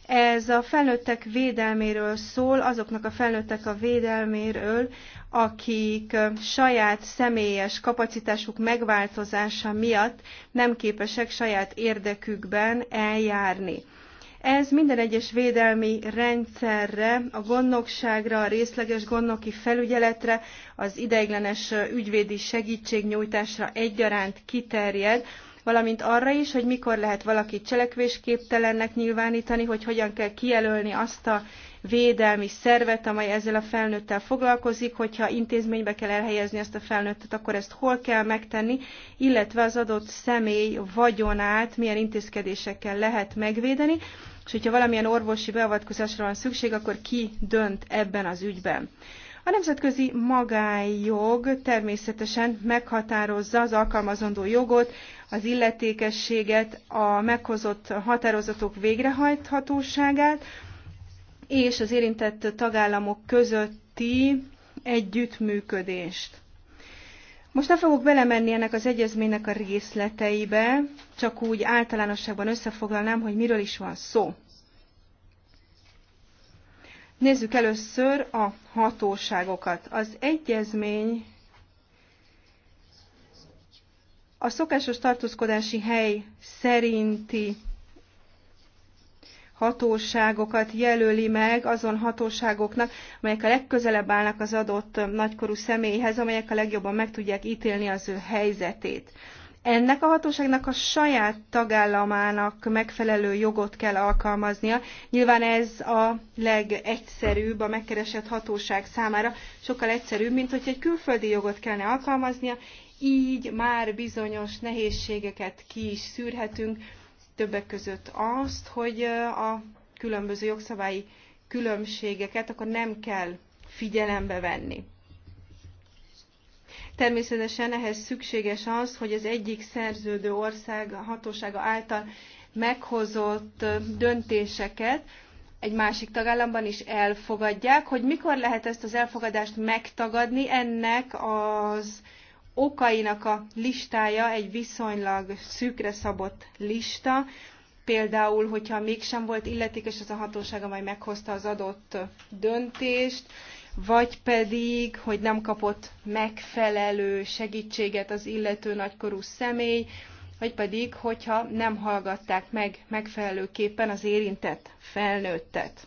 Ez a felnőttek védelméről szól, azoknak a felnőttek a védelméről, akik saját személyes kapacitásuk megváltozása miatt nem képesek saját érdekükben eljárni. Ez minden egyes védelmi rendszerre, a gondnokságra, a részleges gondnoki felügyeletre, az ideiglenes ügyvédi segítségnyújtásra egyaránt kiterjed, valamint arra is, hogy mikor lehet valakit cselekvésképtelennek nyilvánítani, hogy hogyan kell kijelölni azt a védelmi szervet, amely ezzel a felnőttel foglalkozik, hogyha intézménybe kell elhelyezni ezt a felnőttet, akkor ezt hol kell megtenni, illetve az adott személy vagyonát milyen intézkedésekkel lehet megvédeni, és hogyha valamilyen orvosi beavatkozásra van szükség, akkor ki dönt ebben az ügyben. A nemzetközi magánjog természetesen meghatározza az alkalmazandó jogot, az illetékességet, a meghozott határozatok végrehajthatóságát, és az érintett tagállamok közötti együttműködést. Most nem fogok belemenni ennek az egyezménynek a részleteibe, csak úgy általánosságban összefoglalnám, hogy miről is van szó. Nézzük először a hatóságokat. Az egyezmény a szokásos tartózkodási hely szerinti hatóságokat jelöli meg azon hatóságoknak, amelyek a legközelebb állnak az adott nagykorú személyhez, amelyek a legjobban meg tudják ítélni az ő helyzetét. Ennek a hatóságnak a saját tagállamának megfelelő jogot kell alkalmaznia. Nyilván ez a legegyszerűbb a megkeresett hatóság számára, sokkal egyszerűbb, mint hogy egy külföldi jogot kellene alkalmaznia, így már bizonyos nehézségeket ki is szűrhetünk, többek között azt, hogy a különböző jogszabályi különbségeket akkor nem kell figyelembe venni. Természetesen ehhez szükséges az, hogy az egyik szerződő ország hatósága által meghozott döntéseket egy másik tagállamban is elfogadják, hogy mikor lehet ezt az elfogadást megtagadni, ennek az okainak a listája egy viszonylag szűkre szabott lista, például, hogyha mégsem volt illetékes az a hatóság, amely meghozta az adott döntést, vagy pedig, hogy nem kapott megfelelő segítséget az illető nagykorú személy, vagy pedig, hogyha nem hallgatták meg megfelelőképpen az érintett felnőttet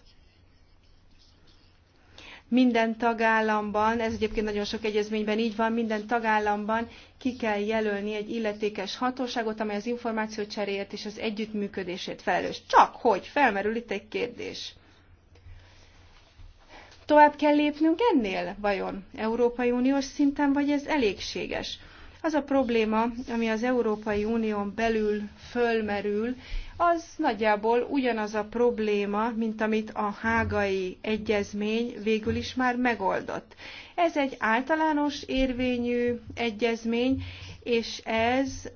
minden tagállamban, ez egyébként nagyon sok egyezményben így van, minden tagállamban ki kell jelölni egy illetékes hatóságot, amely az információcseréért és az együttműködését felelős. Csak hogy felmerül itt egy kérdés. Tovább kell lépnünk ennél, vajon Európai Uniós szinten, vagy ez elégséges? Az a probléma, ami az Európai Unión belül fölmerül, az nagyjából ugyanaz a probléma, mint amit a hágai egyezmény végül is már megoldott. Ez egy általános érvényű egyezmény, és ez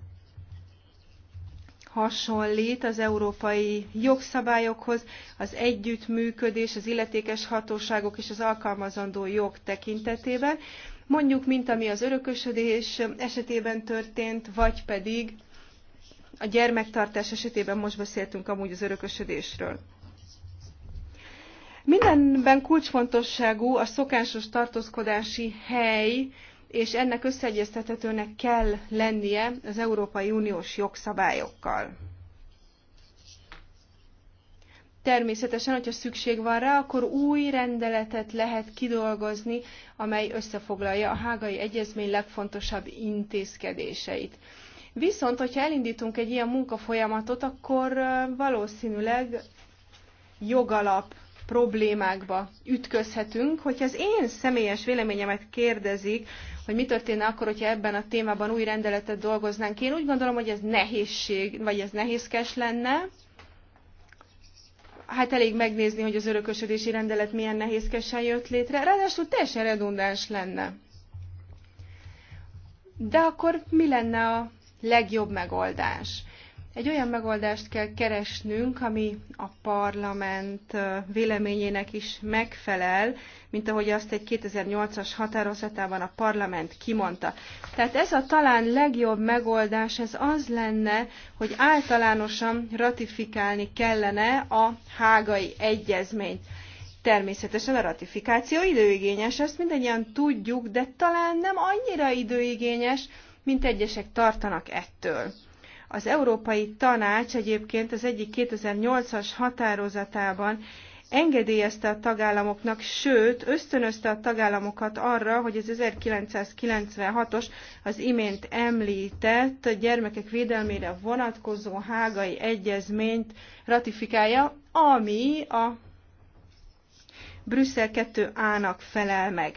hasonlít az európai jogszabályokhoz, az együttműködés, az illetékes hatóságok és az alkalmazandó jog tekintetében, mondjuk, mint ami az örökösödés esetében történt, vagy pedig a gyermektartás esetében most beszéltünk amúgy az örökösödésről. Mindenben kulcsfontosságú a szokásos tartózkodási hely, és ennek összeegyeztethetőnek kell lennie az Európai Uniós jogszabályokkal. Természetesen, hogyha szükség van rá, akkor új rendeletet lehet kidolgozni, amely összefoglalja a hágai egyezmény legfontosabb intézkedéseit. Viszont, hogyha elindítunk egy ilyen munkafolyamatot, akkor valószínűleg jogalap problémákba ütközhetünk. Hogyha az én személyes véleményemet kérdezik, hogy mi történne akkor, hogyha ebben a témában új rendeletet dolgoznánk, én úgy gondolom, hogy ez nehézség, vagy ez nehézkes lenne. Hát elég megnézni, hogy az örökösödési rendelet milyen nehézkesen jött létre, ráadásul teljesen redundáns lenne. De akkor mi lenne a legjobb megoldás. Egy olyan megoldást kell keresnünk, ami a parlament véleményének is megfelel, mint ahogy azt egy 2008-as határozatában a parlament kimondta. Tehát ez a talán legjobb megoldás, ez az lenne, hogy általánosan ratifikálni kellene a hágai egyezményt. Természetesen a ratifikáció időigényes, ezt mindannyian tudjuk, de talán nem annyira időigényes, mint egyesek tartanak ettől. Az Európai Tanács egyébként az egyik 2008-as határozatában engedélyezte a tagállamoknak, sőt, ösztönözte a tagállamokat arra, hogy az 1996-os, az imént említett gyermekek védelmére vonatkozó hágai egyezményt ratifikálja, ami a Brüsszel 2A-nak felel meg.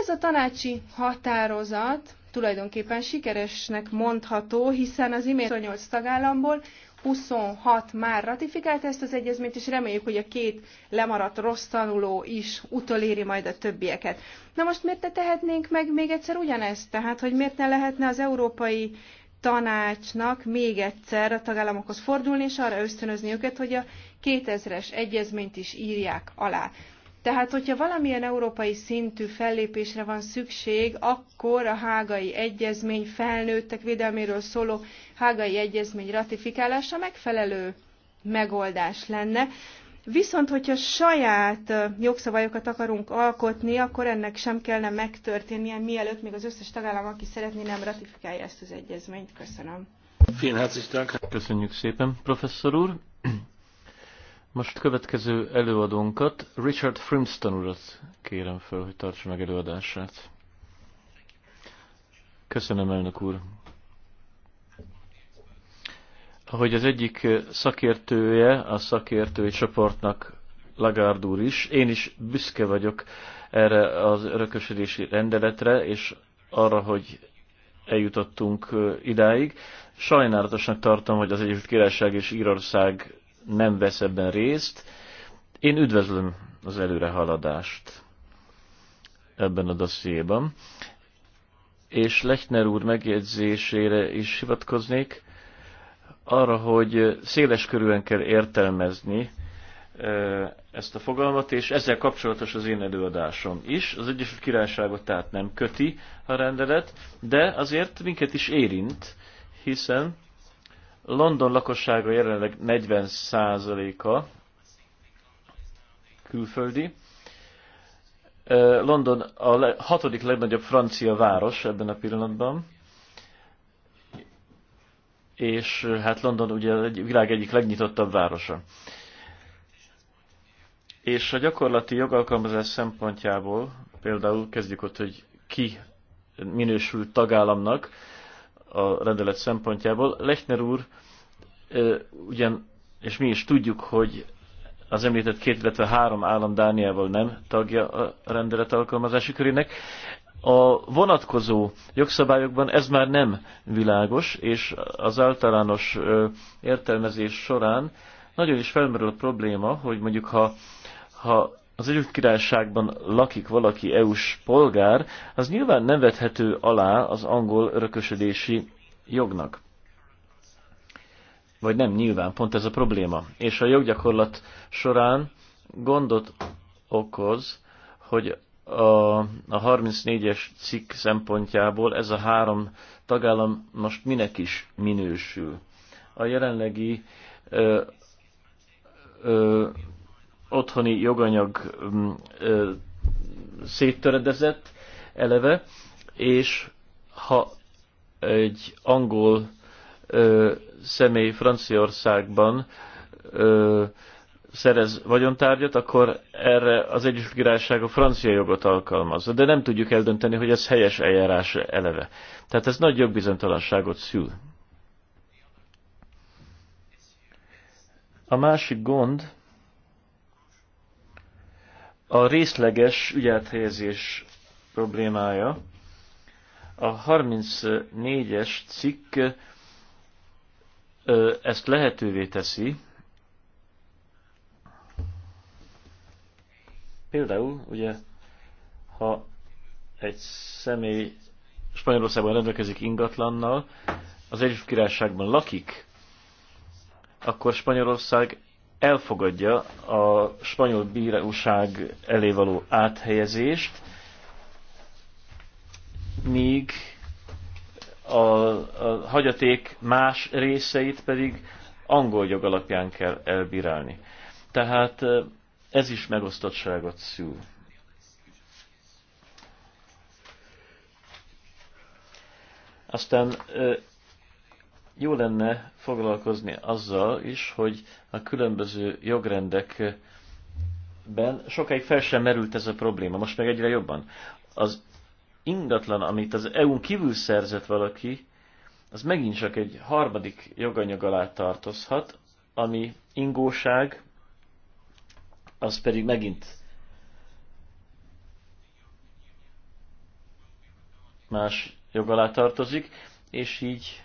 Ez a tanácsi határozat tulajdonképpen sikeresnek mondható, hiszen az imént 28 tagállamból 26 már ratifikálta ezt az egyezményt, és reméljük, hogy a két lemaradt rossz tanuló is utoléri majd a többieket. Na most miért ne tehetnénk meg még egyszer ugyanezt? Tehát, hogy miért ne lehetne az európai tanácsnak még egyszer a tagállamokhoz fordulni, és arra ösztönözni őket, hogy a 2000-es egyezményt is írják alá. Tehát, hogyha valamilyen európai szintű fellépésre van szükség, akkor a hágai egyezmény felnőttek védelméről szóló hágai egyezmény ratifikálása megfelelő megoldás lenne. Viszont, hogyha saját jogszabályokat akarunk alkotni, akkor ennek sem kellene megtörténnie, mielőtt még az összes tagállam, aki szeretné, nem ratifikálja ezt az egyezményt. Köszönöm. Köszönjük szépen, professzor úr. Most következő előadónkat, Richard Frimston urat kérem fel, hogy tartsa meg előadását. Köszönöm, elnök úr. Ahogy az egyik szakértője, a szakértői csoportnak Lagarde úr is, én is büszke vagyok erre az örökösödési rendeletre, és arra, hogy eljutottunk idáig. Sajnálatosnak tartom, hogy az Egyesült Királyság és Írország nem vesz ebben részt. Én üdvözlöm az előrehaladást ebben a dossziéban, és Lechner úr megjegyzésére is hivatkoznék, arra, hogy széles körülön kell értelmezni ezt a fogalmat, és ezzel kapcsolatos az én előadásom is. Az Egyesült Királyságot tehát nem köti a rendelet, de azért minket is érint, hiszen London lakossága jelenleg 40%-a külföldi. London a hatodik legnagyobb francia város ebben a pillanatban, és hát London ugye a világ egyik legnyitottabb városa. És a gyakorlati jogalkalmazás szempontjából, például kezdjük ott, hogy ki minősült tagállamnak, a rendelet szempontjából. Lechner úr ugyan, és mi is tudjuk, hogy az említett két, illetve három állam Dániával nem tagja a rendelet alkalmazási körének. A vonatkozó jogszabályokban ez már nem világos, és az általános értelmezés során nagyon is felmerül a probléma, hogy mondjuk ha, ha az Egyesült Királyságban lakik valaki EU-s polgár, az nyilván nem vethető alá az angol örökösödési jognak. Vagy nem nyilván, pont ez a probléma. És a joggyakorlat során gondot okoz, hogy a, a 34-es cikk szempontjából ez a három tagállam most minek is minősül. A jelenlegi ö, ö, otthoni joganyag mm, ö, széttöredezett eleve, és ha egy angol ö, személy Franciaországban ö, szerez vagyontárgyat, akkor erre az Egyesült Királyság a francia jogot alkalmazza, de nem tudjuk eldönteni, hogy ez helyes eljárás eleve. Tehát ez nagy jogbizonytalanságot szül. A másik gond, a részleges ügyelthelyezés problémája. A 34-es cikk ezt lehetővé teszi, Például, ugye, ha egy személy Spanyolországban rendelkezik ingatlannal, az Egyesült Királyságban lakik, akkor Spanyolország elfogadja a spanyol bíróság elé való áthelyezést, míg a, a hagyaték más részeit pedig angol jog alapján kell elbírálni. Tehát ez is megosztottságot szül. Aztán jó lenne foglalkozni azzal is, hogy a különböző jogrendekben sokáig fel sem merült ez a probléma, most meg egyre jobban. Az ingatlan, amit az EU-n kívül szerzett valaki, az megint csak egy harmadik joganyag alá tartozhat, ami ingóság, az pedig megint más jog alá tartozik, és így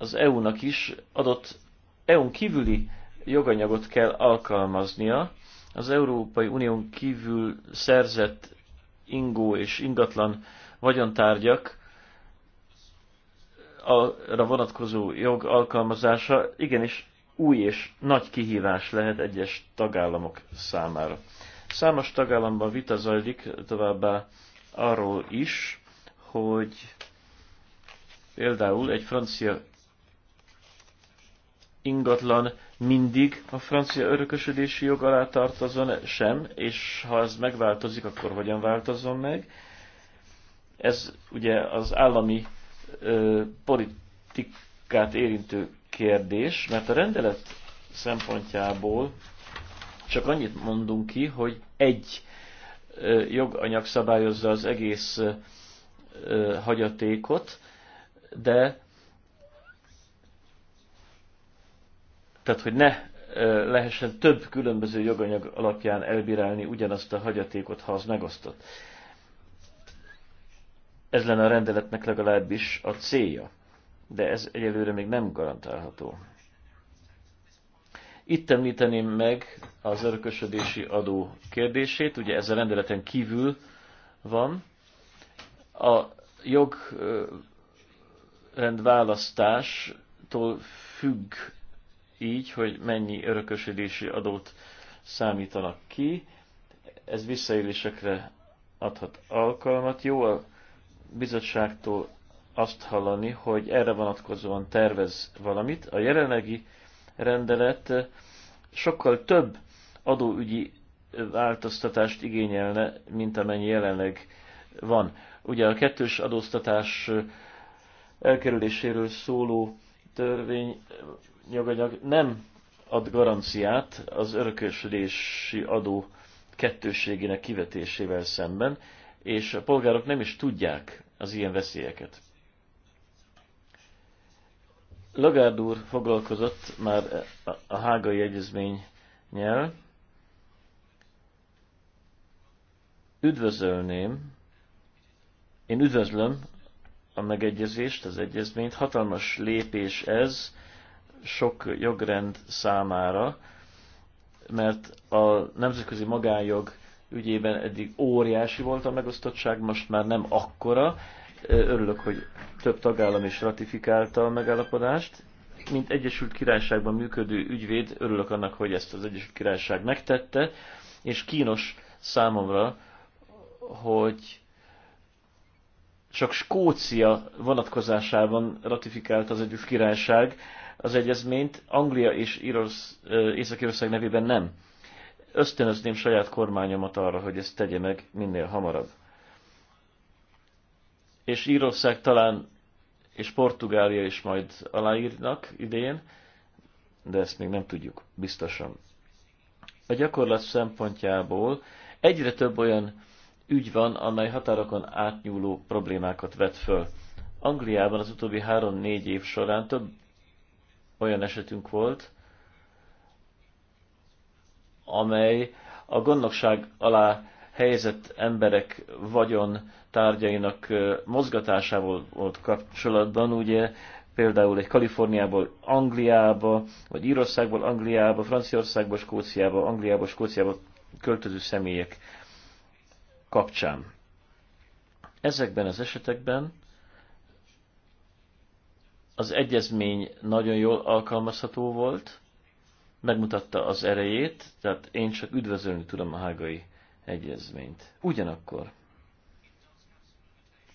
az EU-nak is adott EU-n kívüli joganyagot kell alkalmaznia, az Európai Unión kívül szerzett ingó és ingatlan vagyontárgyak arra vonatkozó jog alkalmazása igenis új és nagy kihívás lehet egyes tagállamok számára. Számos tagállamban vita zajlik továbbá arról is, hogy például egy francia ingatlan mindig a francia örökösödési jog alá tartozon sem, és ha ez megváltozik, akkor hogyan változzon meg. Ez ugye az állami ö, politikát érintő kérdés, mert a rendelet szempontjából csak annyit mondunk ki, hogy egy ö, joganyag szabályozza az egész ö, hagyatékot, de tehát hogy ne lehessen több különböző joganyag alapján elbírálni ugyanazt a hagyatékot, ha az megosztott. Ez lenne a rendeletnek legalábbis a célja, de ez egyelőre még nem garantálható. Itt említeném meg az örökösödési adó kérdését, ugye ez a rendeleten kívül van. A jogrendválasztástól függ így, hogy mennyi örökösödési adót számítanak ki. Ez visszaélésekre adhat alkalmat. Jó a bizottságtól azt hallani, hogy erre vonatkozóan tervez valamit. A jelenlegi rendelet sokkal több adóügyi változtatást igényelne, mint amennyi jelenleg van. Ugye a kettős adóztatás elkerüléséről szóló törvény joganyag nem ad garanciát az örökösödési adó kettőségének kivetésével szemben, és a polgárok nem is tudják az ilyen veszélyeket. Lagárd úr foglalkozott már a hágai egyezménynyel. Üdvözölném, én üdvözlöm a megegyezést, az egyezményt, hatalmas lépés ez sok jogrend számára, mert a nemzetközi magánjog ügyében eddig óriási volt a megosztottság, most már nem akkora. Örülök, hogy több tagállam is ratifikálta a megállapodást. Mint Egyesült Királyságban működő ügyvéd, örülök annak, hogy ezt az Egyesült Királyság megtette, és kínos számomra, hogy csak Skócia vonatkozásában ratifikált az Egyesült Királyság az egyezményt, Anglia és Írosz, Észak-Írország nevében nem. Ösztönözném saját kormányomat arra, hogy ezt tegye meg minél hamarabb. És Írország talán, és Portugália is majd aláírnak idén, de ezt még nem tudjuk biztosan. A gyakorlat szempontjából egyre több olyan ügy van, amely határokon átnyúló problémákat vet föl. Angliában az utóbbi három-négy év során több olyan esetünk volt, amely a gondnokság alá helyezett emberek vagyon tárgyainak mozgatásával volt kapcsolatban, ugye például egy Kaliforniából Angliába, vagy Írországból Angliába, Franciaországból Skóciába, Angliából Skóciába költöző személyek kapcsán. Ezekben az esetekben az egyezmény nagyon jól alkalmazható volt, megmutatta az erejét, tehát én csak üdvözölni tudom a hágai egyezményt. Ugyanakkor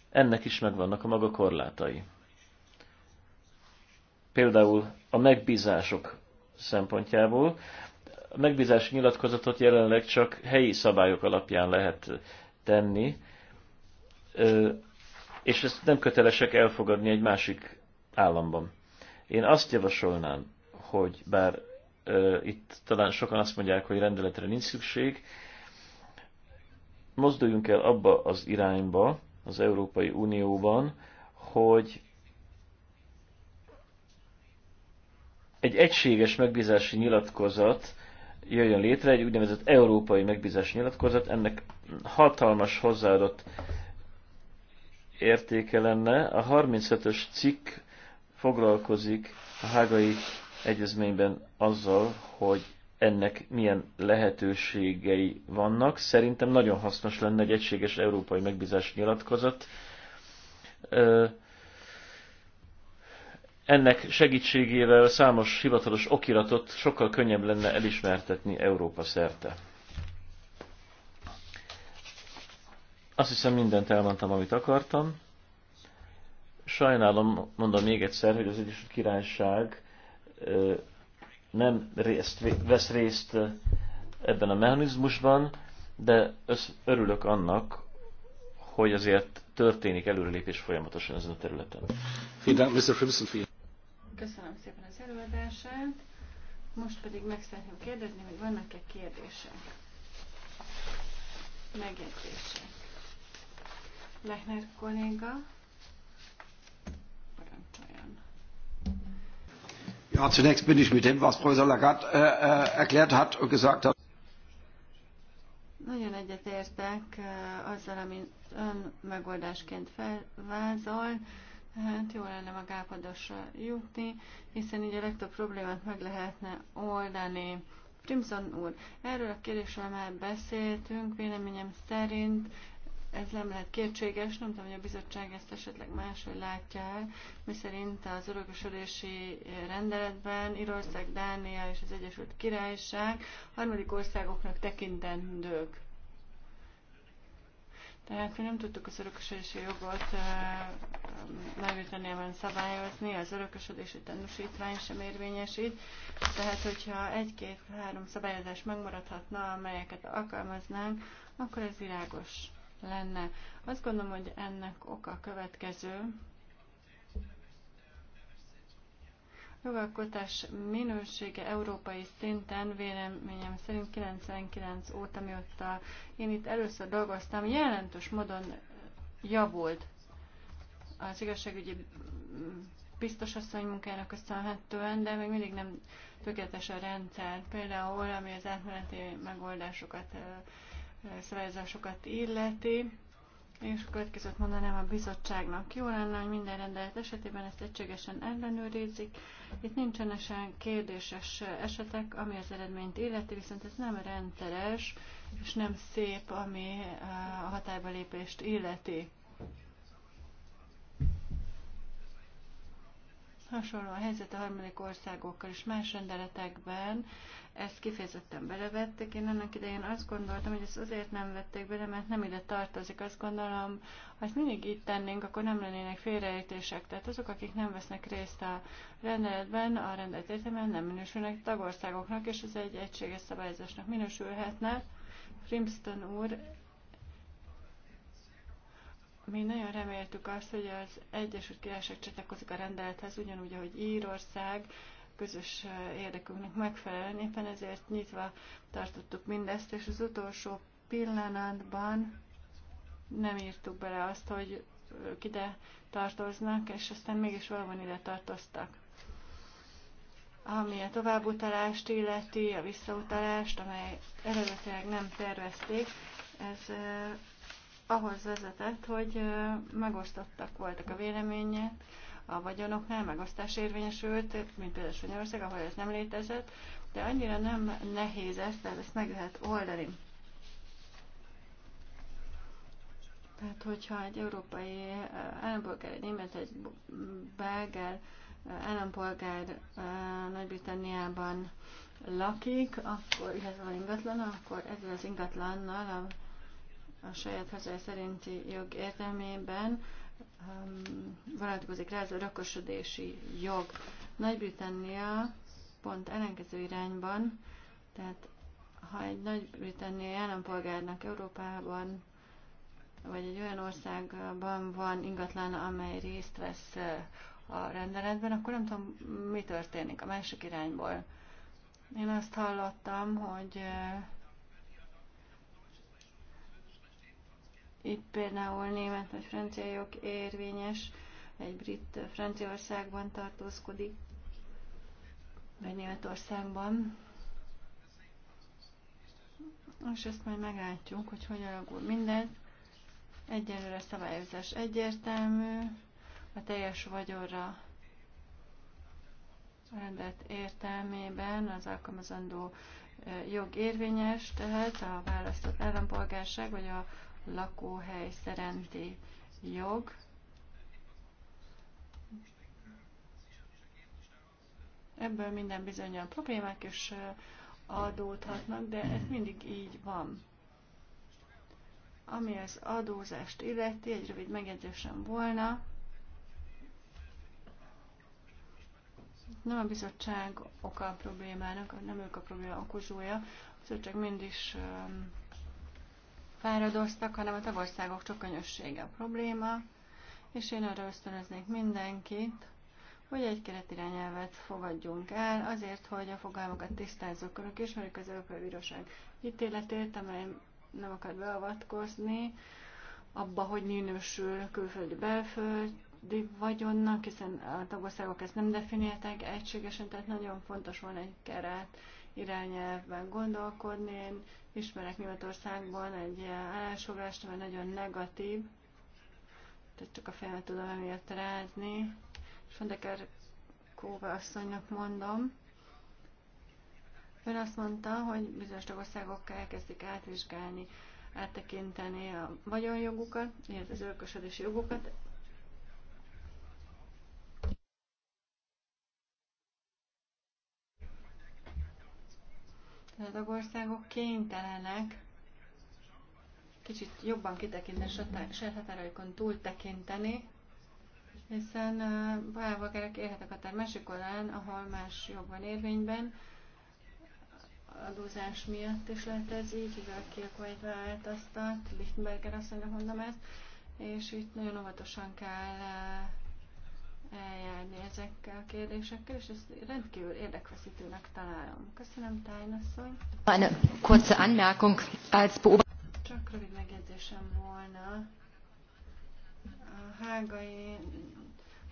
ennek is megvannak a maga korlátai. Például a megbízások szempontjából. A megbízási nyilatkozatot jelenleg csak helyi szabályok alapján lehet tenni, és ezt nem kötelesek elfogadni egy másik államban. Én azt javasolnám, hogy bár ö, itt talán sokan azt mondják, hogy rendeletre nincs szükség, mozduljunk el abba az irányba, az Európai Unióban, hogy egy egységes megbízási nyilatkozat jöjjön létre, egy úgynevezett európai megbízási nyilatkozat, ennek hatalmas hozzáadott értéke lenne. A 35-ös cikk foglalkozik a hágai egyezményben azzal, hogy ennek milyen lehetőségei vannak. Szerintem nagyon hasznos lenne egy egységes európai megbízás nyilatkozat. Ennek segítségével számos hivatalos okiratot sokkal könnyebb lenne elismertetni Európa szerte. Azt hiszem mindent elmondtam, amit akartam sajnálom, mondom még egyszer, hogy az Egyesült Királyság nem részt, vesz részt ebben a mechanizmusban, de össz, örülök annak, hogy azért történik előrelépés folyamatosan ezen a területen. Köszönöm szépen az előadását. Most pedig meg szeretném kérdezni, hogy vannak-e kérdések, megjegyzések. Lechner kolléga parancsoljon. Ja, zunächst bin ich mit dem, was Professor Lagarde äh, äh, erklärt hat und gesagt hat. Nagyon egyetértek äh, azzal, amit ön megoldásként felvázol. Hát jó lenne magálpadosra jutni, hiszen így a legtöbb problémát meg lehetne oldani. Primson úr, erről a kérdésről már beszéltünk, véleményem szerint ez nem lehet kétséges, nem tudom, hogy a bizottság ezt esetleg máshogy látja el, szerint az örökösödési rendeletben Irország, Dánia és az Egyesült Királyság harmadik országoknak tekintendők. Tehát mi nem tudtuk az örökösödési jogot megütenében szabályozni, az örökösödési tanúsítvány sem érvényesít. Tehát, hogyha egy-két-három szabályozás megmaradhatna, amelyeket alkalmaznánk, akkor ez világos lenne. Azt gondolom, hogy ennek oka a következő. A jogalkotás minősége európai szinten véleményem szerint 99 óta, mióta én itt először dolgoztam, jelentős módon javult az igazságügyi biztos asszony munkának köszönhetően, de még mindig nem tökéletes a rendszer. Például, ami az átmeneti megoldásokat szabályozásokat illeti, és a következőt mondanám a bizottságnak. Jó lenne, hogy minden rendelet esetében ezt egységesen ellenőrizik. Itt nincsenesen kérdéses esetek, ami az eredményt illeti, viszont ez nem rendszeres, és nem szép, ami eh, a hatályba lépést illeti. Hasonló a helyzet a harmadik országokkal és más rendeletekben, ezt kifejezetten belevették. Én annak idején azt gondoltam, hogy ezt azért nem vették bele, mert nem ide tartozik. Azt gondolom, ha ezt mindig így tennénk, akkor nem lennének félreértések. Tehát azok, akik nem vesznek részt a rendeletben, a rendelet nem minősülnek tagországoknak, és ez egy egységes szabályozásnak minősülhetne. Frimston úr mi nagyon reméltük azt, hogy az Egyesült Királyság csatlakozik a rendelethez, ugyanúgy, ahogy Írország, közös érdekünknek megfelelően. Éppen ezért nyitva tartottuk mindezt, és az utolsó pillanatban nem írtuk bele azt, hogy ők ide tartoznak, és aztán mégis valóban ide tartoztak. Ami a továbbutalást illeti, a visszautalást, amely eredetileg nem tervezték, ez ahhoz vezetett, hogy megosztottak voltak a véleménye a vagyonoknál, megosztás érvényesült, mint például Spanyolország, ahol ez nem létezett, de annyira nem nehéz ezt, tehát ezt meg lehet oldani. Tehát, hogyha egy európai állampolgár, egy német, egy belgár állampolgár Nagy-Britanniában lakik, akkor, ez van ingatlan, akkor ezzel az ingatlannal a a saját hazája szerinti jog értelmében um, vonatkozik rá ez a rakosodési jog. Nagy-Britannia pont ellenkező irányban, tehát ha egy nagy-britanniai állampolgárnak Európában vagy egy olyan országban van ingatlan, amely részt vesz uh, a rendeletben, akkor nem tudom, mi történik a másik irányból. Én azt hallottam, hogy uh, Itt például német vagy francia jog érvényes, egy brit Franciaországban tartózkodik, vagy Németországban. És ezt majd meglátjuk, hogy hogy alakul minden. Egyelőre szabályozás egyértelmű, a teljes vagyonra rendet értelmében az alkalmazandó jog érvényes, tehát a választott állampolgárság vagy a lakóhely szerinti jog. Ebből minden bizonyan problémák is adódhatnak, de ez mindig így van. Ami az adózást illeti, egy rövid megjegyzésem volna. Nem a bizottság oka a problémának, nem ők a probléma okozója, a bizottság mindig is fáradoztak, hanem a tagországok csokonyossége a probléma, és én arra ösztönöznék mindenkit, hogy egy keretirányelvet fogadjunk el, azért, hogy a fogalmakat tisztázzuk. Önök ismerik az Európai Bíróság ítéletét, amely nem akar beavatkozni abba, hogy minősül külföldi belföldi vagyonnak, hiszen a tagországok ezt nem definiálták egységesen, tehát nagyon fontos van egy keret irányelvben gondolkodni. Én ismerek Németországban egy állásfoglalást, ami nagyon negatív, tehát csak a fejemet tudom emiatt rázni. És Fondeker Kóva asszonynak mondom, Ön azt mondta, hogy bizonyos tagországok elkezdik átvizsgálni, áttekinteni a vagyonjogukat, illetve az örökösödési jogukat. De a országok kénytelenek kicsit jobban kitekinteni, saját határaikon túl tekinteni, hiszen pályavakerek élhetek akár másik oldalán, ahol más jobb van érvényben, adózás miatt is lehet ez így, hogy aki a Kuwait változtat, Lichtenberger mondja, mondom ezt, és itt nagyon óvatosan kell eljárni ezekkel a kérdésekkel, és ezt rendkívül érdekveszítőnek találom. Köszönöm, Tájnasszony. Eine kurze Anmerkung als Csak rövid megjegyzésem volna. A hágai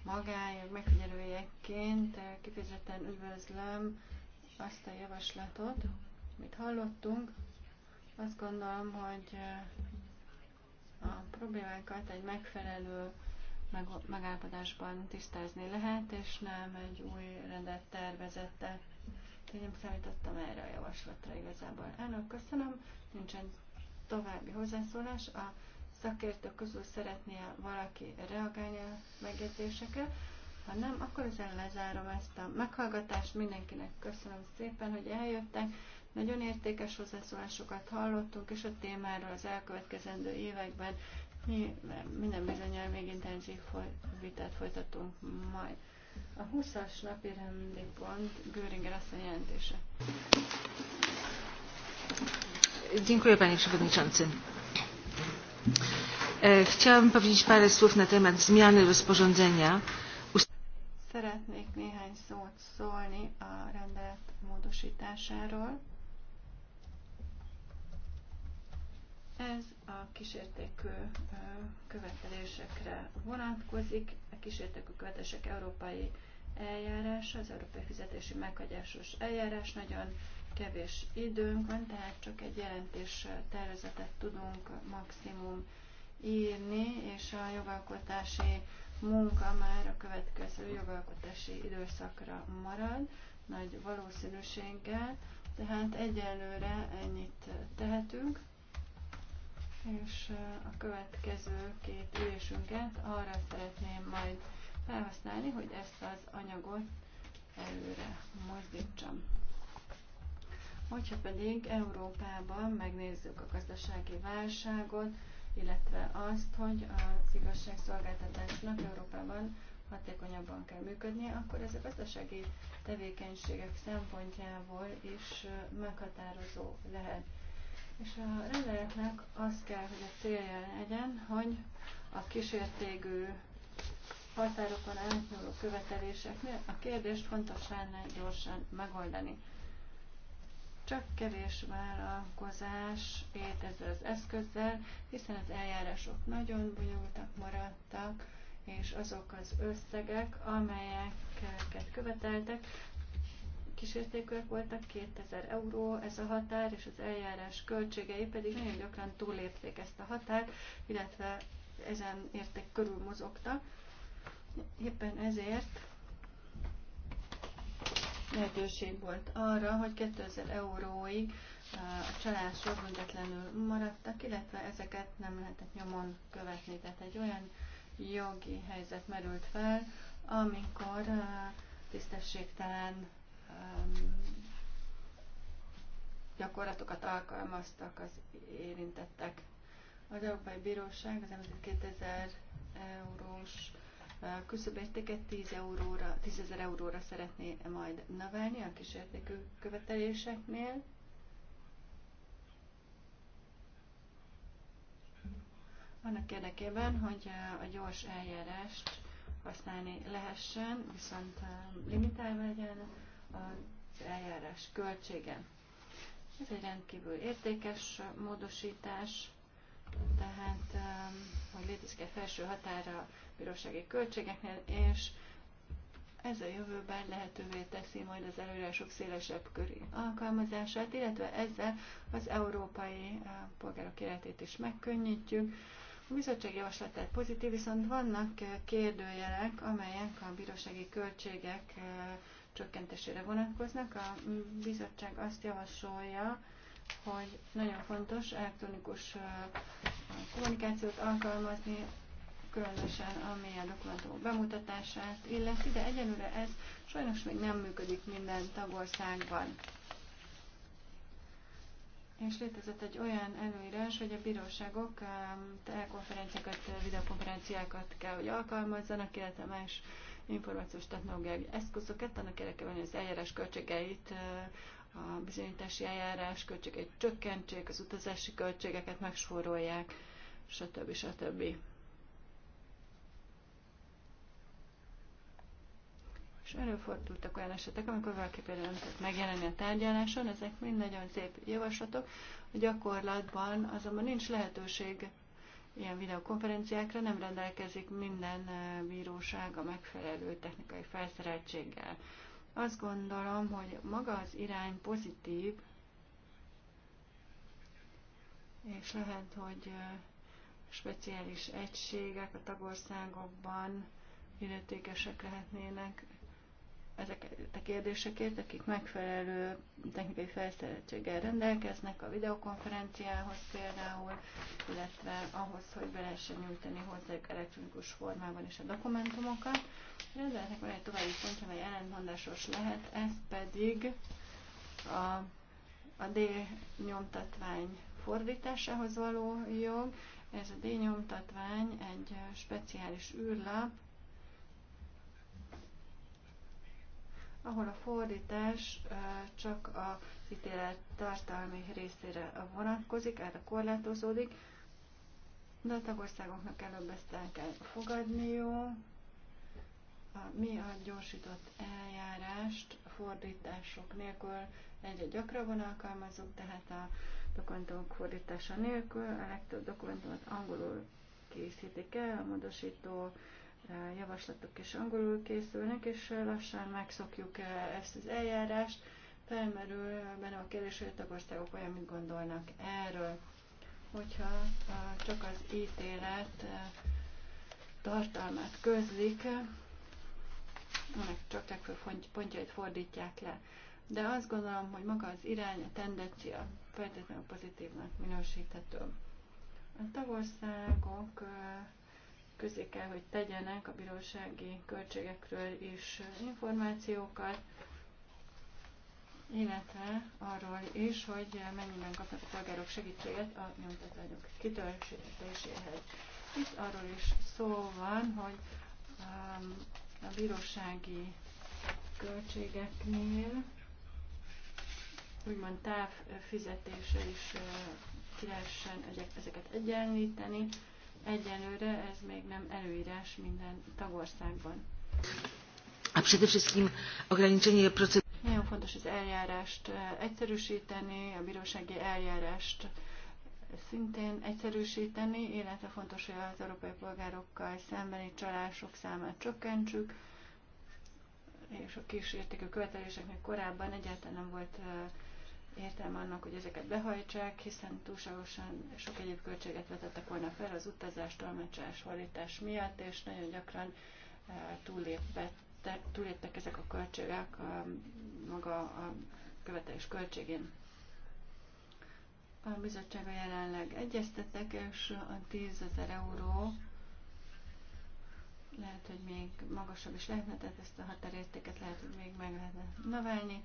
magájog megfigyelőjeként kifejezetten üdvözlöm azt a javaslatot, amit hallottunk. Azt gondolom, hogy a problémákat egy megfelelő meg, megállapodásban tisztázni lehet, és nem egy új rendet tervezettel. Én nem számítottam erre a javaslatra igazából. Elnök, köszönöm, nincsen további hozzászólás. A szakértők közül szeretné valaki reagálni a megjegyzésekre. Ha nem, akkor ezzel lezárom ezt a meghallgatást. Mindenkinek köszönöm szépen, hogy eljöttek. Nagyon értékes hozzászólásokat hallottunk, és a témáról az elkövetkezendő években mi minden bizonyal még intenzív foly- vitát folytatunk majd. A 20-as napi rendi pont Göringer azt a jelentése. Dziękuję Panie Przewodniczący. E, Chciałabym powiedzieć parę słów na temat zmiany rozporządzenia. Szeretnék néhány szót szólni a rendelet módosításáról. Ez a kísértékű követelésekre vonatkozik, a kísértékű követelések európai eljárás, az európai fizetési meghagyásos eljárás. Nagyon kevés időnk van, tehát csak egy jelentés tervezetet tudunk maximum írni, és a jogalkotási munka már a következő jogalkotási időszakra marad, nagy valószínűséggel, tehát egyelőre ennyit tehetünk és a következő két ülésünket arra szeretném majd felhasználni, hogy ezt az anyagot előre mozdítsam. Hogyha pedig Európában megnézzük a gazdasági válságot, illetve azt, hogy az igazságszolgáltatásnak Európában hatékonyabban kell működnie, akkor ez a gazdasági tevékenységek szempontjából is meghatározó lehet. És a rendeletnek az kell, hogy a célja legyen, hogy a kísértégű határokon átnyúló követeléseknél a kérdést fontos lenne gyorsan megoldani. Csak kevés vállalkozás élt ezzel az eszközzel, hiszen az eljárások nagyon bonyolultak maradtak, és azok az összegek, amelyeket követeltek, kisértékűek voltak, 2000 euró ez a határ, és az eljárás költségei pedig nagyon gyakran túlépték ezt a határt, illetve ezen érték körül mozogtak. Éppen ezért lehetőség volt arra, hogy 2000 euróig a csalások büntetlenül maradtak, illetve ezeket nem lehetett nyomon követni. Tehát egy olyan jogi helyzet merült fel, amikor tisztességtelen gyakorlatokat alkalmaztak az érintettek. Az Európai Bíróság az említett 2000 eurós küszöbértéket 10, euróra, 10 ezer euróra szeretné majd növelni a kísértékű követeléseknél. Annak érdekében, hogy a gyors eljárást használni lehessen, viszont limitálva legyen az eljárás költsége. Ez egy rendkívül értékes módosítás, tehát um, hogy létezik egy felső határa bírósági költségeknél, és ez a jövőben lehetővé teszi majd az előírások szélesebb köri alkalmazását, illetve ezzel az európai uh, polgárok életét is megkönnyítjük. A bizottság javaslatát pozitív, viszont vannak uh, kérdőjelek, amelyek a bírósági költségek uh, csökkentésére vonatkoznak. A bizottság azt javasolja, hogy nagyon fontos elektronikus kommunikációt alkalmazni, különösen ami a dokumentumok bemutatását illeti, de egyelőre ez sajnos még nem működik minden tagországban. És létezett egy olyan előírás, hogy a bíróságok telekonferenciákat, videokonferenciákat kell, hogy alkalmazzanak, illetve más információs technológiai eszközöket, annak érdekében, hogy az eljárás költségeit, a bizonyítási eljárás költségeit csökkentsék, az utazási költségeket megspórolják, stb. stb. És előfordultak olyan esetek, amikor valaki például nem tudott megjelenni a tárgyaláson, ezek mind nagyon szép javaslatok. A gyakorlatban azonban nincs lehetőség ilyen videokonferenciákra nem rendelkezik minden bíróság a megfelelő technikai felszereltséggel. Azt gondolom, hogy maga az irány pozitív, és lehet, hogy speciális egységek a tagországokban illetékesek lehetnének ezeket a kérdésekért, akik megfelelő technikai felszereltséggel rendelkeznek a videokonferenciához például, illetve ahhoz, hogy be lehessen nyújtani hozzájuk elektronikus formában is a dokumentumokat. Rendelnek van egy további pontja, amely ellentmondásos lehet, ez pedig a, a D nyomtatvány fordításához való jog. Ez a D nyomtatvány egy speciális űrlap, ahol a fordítás csak a ítélet tartalmi részére vonatkozik, erre korlátozódik, de a tagországoknak előbb ezt el kell fogadniuk. Mi a gyorsított eljárást fordítások nélkül egyre gyakrabban alkalmazunk, tehát a dokumentumok fordítása nélkül a legtöbb dokumentumot angolul készítik el, a módosító javaslatok is angolul készülnek, és lassan megszokjuk eh, ezt az eljárást. Felmerül benne a kérdés, hogy a tagországok olyan mit gondolnak erről. Hogyha eh, csak az ítélet eh, tartalmát közlik, annak csak legfőbb pontjait fordítják le. De azt gondolom, hogy maga az irány, a tendencia feltétlenül pozitívnak minősíthető. A tagországok közé kell, hogy tegyenek a bírósági költségekről is információkat, illetve arról is, hogy mennyiben kapnak a polgárok segítséget a nyomtatványok kitöltéséhez. Itt arról is szó van, hogy um, a bírósági költségeknél úgymond távfizetése is uh, ki lehessen ezeket egyenlíteni, Egyelőre ez még nem előírás minden tagországban. A przede wszystkim ograniczenie procedur. Nagyon fontos az eljárást e, egyszerűsíteni, a bírósági eljárást szintén egyszerűsíteni, illetve fontos, hogy az európai polgárokkal szembeni csalások számát csökkentsük, és a értékű követeléseknek korábban egyáltalán nem volt e, értelme annak, hogy ezeket behajtsák, hiszen túlságosan sok egyéb költséget vetettek volna fel az utazás, tolmácsás, fordítás miatt, és nagyon gyakran eh, túléptek ezek a költségek a, maga a követelés költségén. A bizottsága jelenleg egyeztetek, és a 10 ezer euró lehet, hogy még magasabb is lehetne, tehát ezt a határértéket lehet, hogy még meg lehetne növelni.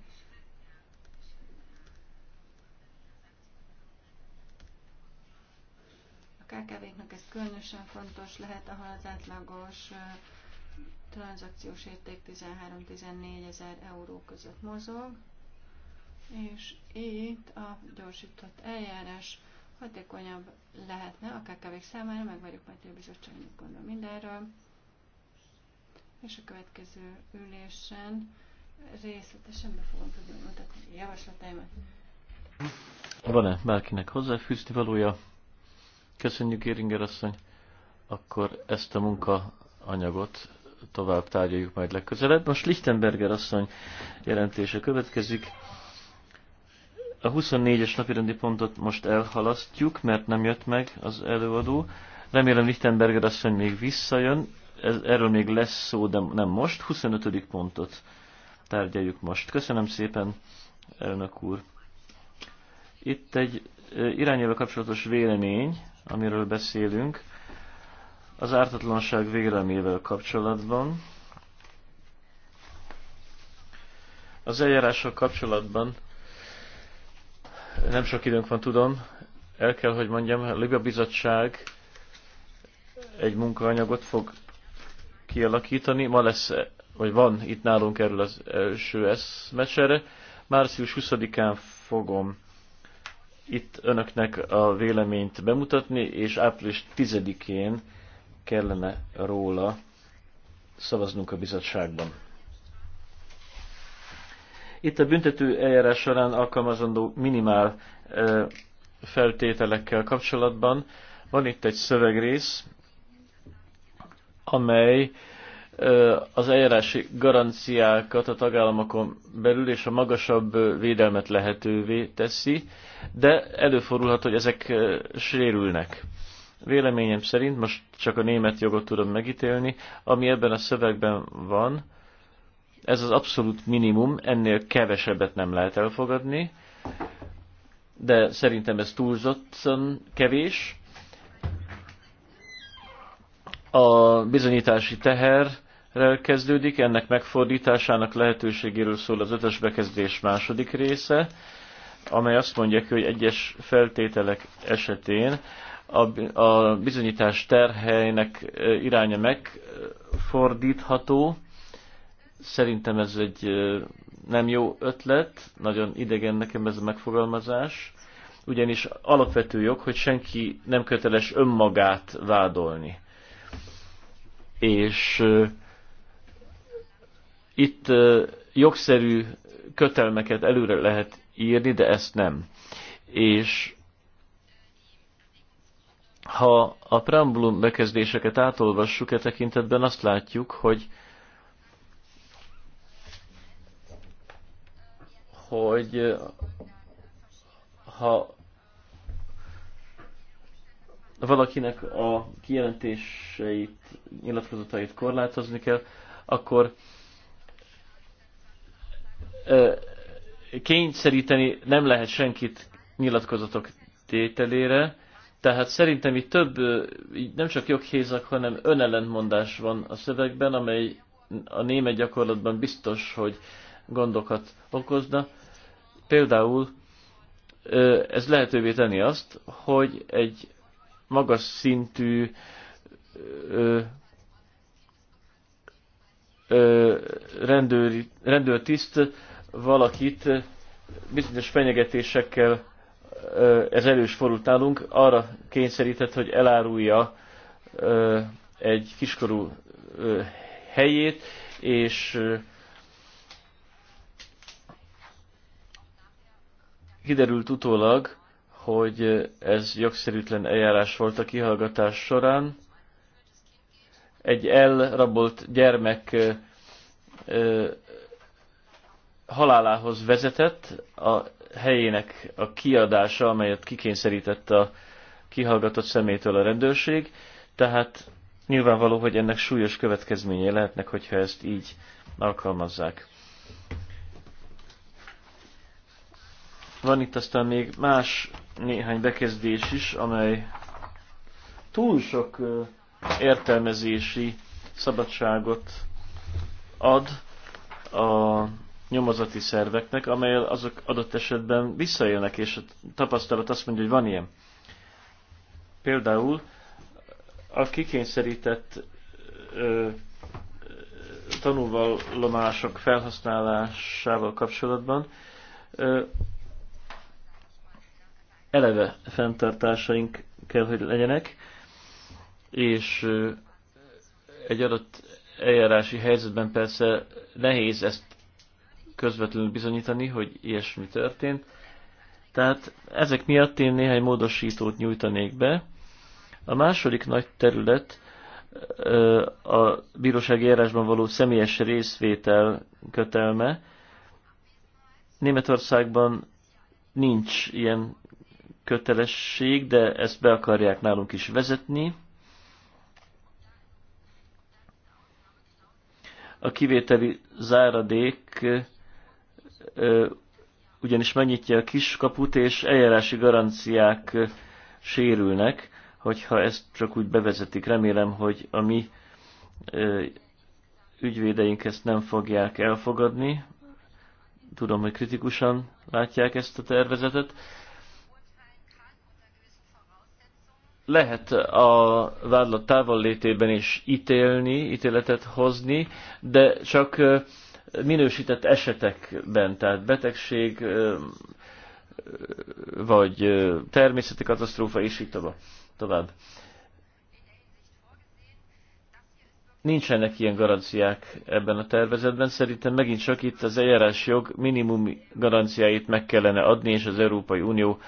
KKV-knak ez különösen fontos lehet, ahol az átlagos tranzakciós érték 13-14 ezer euró között mozog, és itt a gyorsított eljárás hatékonyabb lehetne a kkv számára, meg vagyok majd a bizottság gondol mindenről, és a következő ülésen részletesen be fogom tudni mutatni a javaslataimat. Van-e bárkinek hozzáfűzni valója? Köszönjük, Éringer asszony. Akkor ezt a munkaanyagot tovább tárgyaljuk majd legközelebb. Most Lichtenberger asszony jelentése következik. A 24-es napirendi pontot most elhalasztjuk, mert nem jött meg az előadó. Remélem Lichtenberger asszony még visszajön. Ez, erről még lesz szó, de nem most. 25. pontot tárgyaljuk most. Köszönöm szépen, elnök úr. Itt egy irányelve kapcsolatos vélemény, amiről beszélünk, az ártatlanság vélemével kapcsolatban. Az eljárással kapcsolatban nem sok időnk van, tudom, el kell, hogy mondjam, a Liga Bizottság egy munkaanyagot fog kialakítani. Ma lesz, vagy van itt nálunk erről az első eszmecsere. Március 20-án fogom itt önöknek a véleményt bemutatni, és április 10-én kellene róla szavaznunk a bizottságban. Itt a büntető eljárás során alkalmazandó minimál feltételekkel kapcsolatban van itt egy szövegrész, amely az eljárási garanciákat a tagállamokon belül és a magasabb védelmet lehetővé teszi, de előfordulhat, hogy ezek sérülnek. Véleményem szerint, most csak a német jogot tudom megítélni, ami ebben a szövegben van, ez az abszolút minimum, ennél kevesebbet nem lehet elfogadni, de szerintem ez túlzott kevés. A bizonyítási teher kezdődik, ennek megfordításának lehetőségéről szól az ötös bekezdés második része, amely azt mondja ki, hogy egyes feltételek esetén a, a bizonyítás terhelynek iránya megfordítható. Szerintem ez egy nem jó ötlet, nagyon idegen nekem ez a megfogalmazás, ugyanis alapvető jog, hogy senki nem köteles önmagát vádolni. És itt jogszerű kötelmeket előre lehet írni, de ezt nem. És ha a preambulum bekezdéseket átolvassuk e tekintetben, azt látjuk, hogy hogy ha valakinek a kijelentéseit, nyilatkozatait korlátozni kell, akkor kényszeríteni nem lehet senkit nyilatkozatok tételére, tehát szerintem itt több, nem csak joghézak, hanem önellentmondás van a szövegben, amely a német gyakorlatban biztos, hogy gondokat okozna. Például ez lehetővé tenni azt, hogy egy magas szintű rendőri, rendőrtiszt valakit bizonyos fenyegetésekkel ez elős forult nálunk, arra kényszerített, hogy elárulja egy kiskorú helyét, és kiderült utólag, hogy ez jogszerűtlen eljárás volt a kihallgatás során. Egy elrabolt gyermek halálához vezetett, a helyének a kiadása, amelyet kikényszerített a kihallgatott szemétől a rendőrség, tehát nyilvánvaló, hogy ennek súlyos következményei lehetnek, hogyha ezt így alkalmazzák. Van itt aztán még más néhány bekezdés is, amely túl sok értelmezési szabadságot ad a nyomozati szerveknek, amelyel azok adott esetben visszaélnek, és a tapasztalat azt mondja, hogy van ilyen. Például a kikényszerített ö, tanulvallomások felhasználásával kapcsolatban ö, eleve fenntartásaink kell, hogy legyenek, és ö, egy adott eljárási helyzetben persze nehéz ezt közvetlenül bizonyítani, hogy ilyesmi történt. Tehát ezek miatt én néhány módosítót nyújtanék be. A második nagy terület a bírósági járásban való személyes részvétel kötelme. Németországban nincs ilyen kötelesség, de ezt be akarják nálunk is vezetni. A kivételi záradék ugyanis megnyitja a kiskaput, és eljárási garanciák sérülnek, hogyha ezt csak úgy bevezetik. Remélem, hogy a mi ügyvédeink ezt nem fogják elfogadni. Tudom, hogy kritikusan látják ezt a tervezetet. Lehet a vádlat távollétében is ítélni, ítéletet hozni, de csak minősített esetekben, tehát betegség vagy természeti katasztrófa, és így tovább. Nincsenek ilyen garanciák ebben a tervezetben, szerintem megint csak itt az jog minimum garanciáit meg kellene adni, és az Európai Unió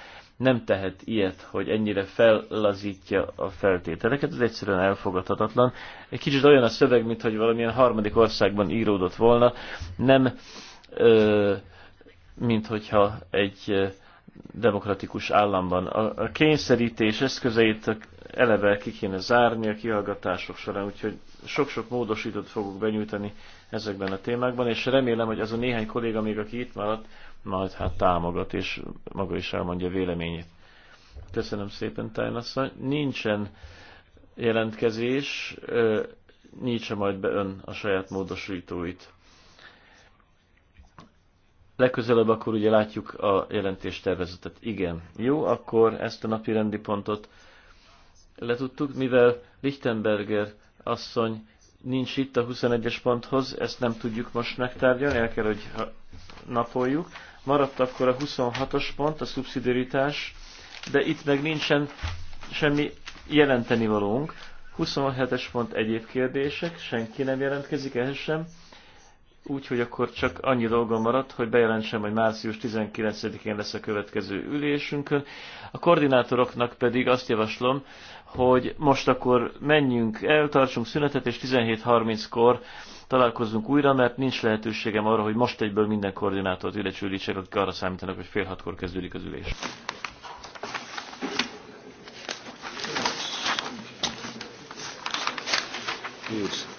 nem tehet ilyet, hogy ennyire fellazítja a feltételeket, ez egyszerűen elfogadhatatlan. Egy kicsit olyan a szöveg, mint hogy valamilyen harmadik országban íródott volna, nem mintha egy demokratikus államban. A, a kényszerítés eszközeit eleve ki kéne zárni a kihallgatások során, úgyhogy sok-sok módosítót fogok benyújtani ezekben a témákban, és remélem, hogy az a néhány kolléga még, aki itt maradt, majd hát támogat, és maga is elmondja véleményét. Köszönöm szépen, Tájnasszony. Nincsen jelentkezés, nyitsa -e majd be ön a saját módosítóit. Legközelebb akkor ugye látjuk a jelentéstervezetet. Igen. Jó, akkor ezt a napi rendi pontot letudtuk, mivel Lichtenberger asszony nincs itt a 21-es ponthoz, ezt nem tudjuk most megtárgyalni, el kell, hogy napoljuk. Maradt akkor a 26-os pont, a szubszidiaritás, de itt meg nincsen semmi jelenteni valónk. 27-es pont egyéb kérdések, senki nem jelentkezik ehhez sem úgyhogy akkor csak annyi dolgom maradt, hogy bejelentsem, hogy március 19-én lesz a következő ülésünkön. A koordinátoroknak pedig azt javaslom, hogy most akkor menjünk eltartsunk szünetet, és 17.30-kor találkozunk újra, mert nincs lehetőségem arra, hogy most egyből minden koordinátort ülecsülítsek, akik arra számítanak, hogy fél hatkor kezdődik az ülés. Yes.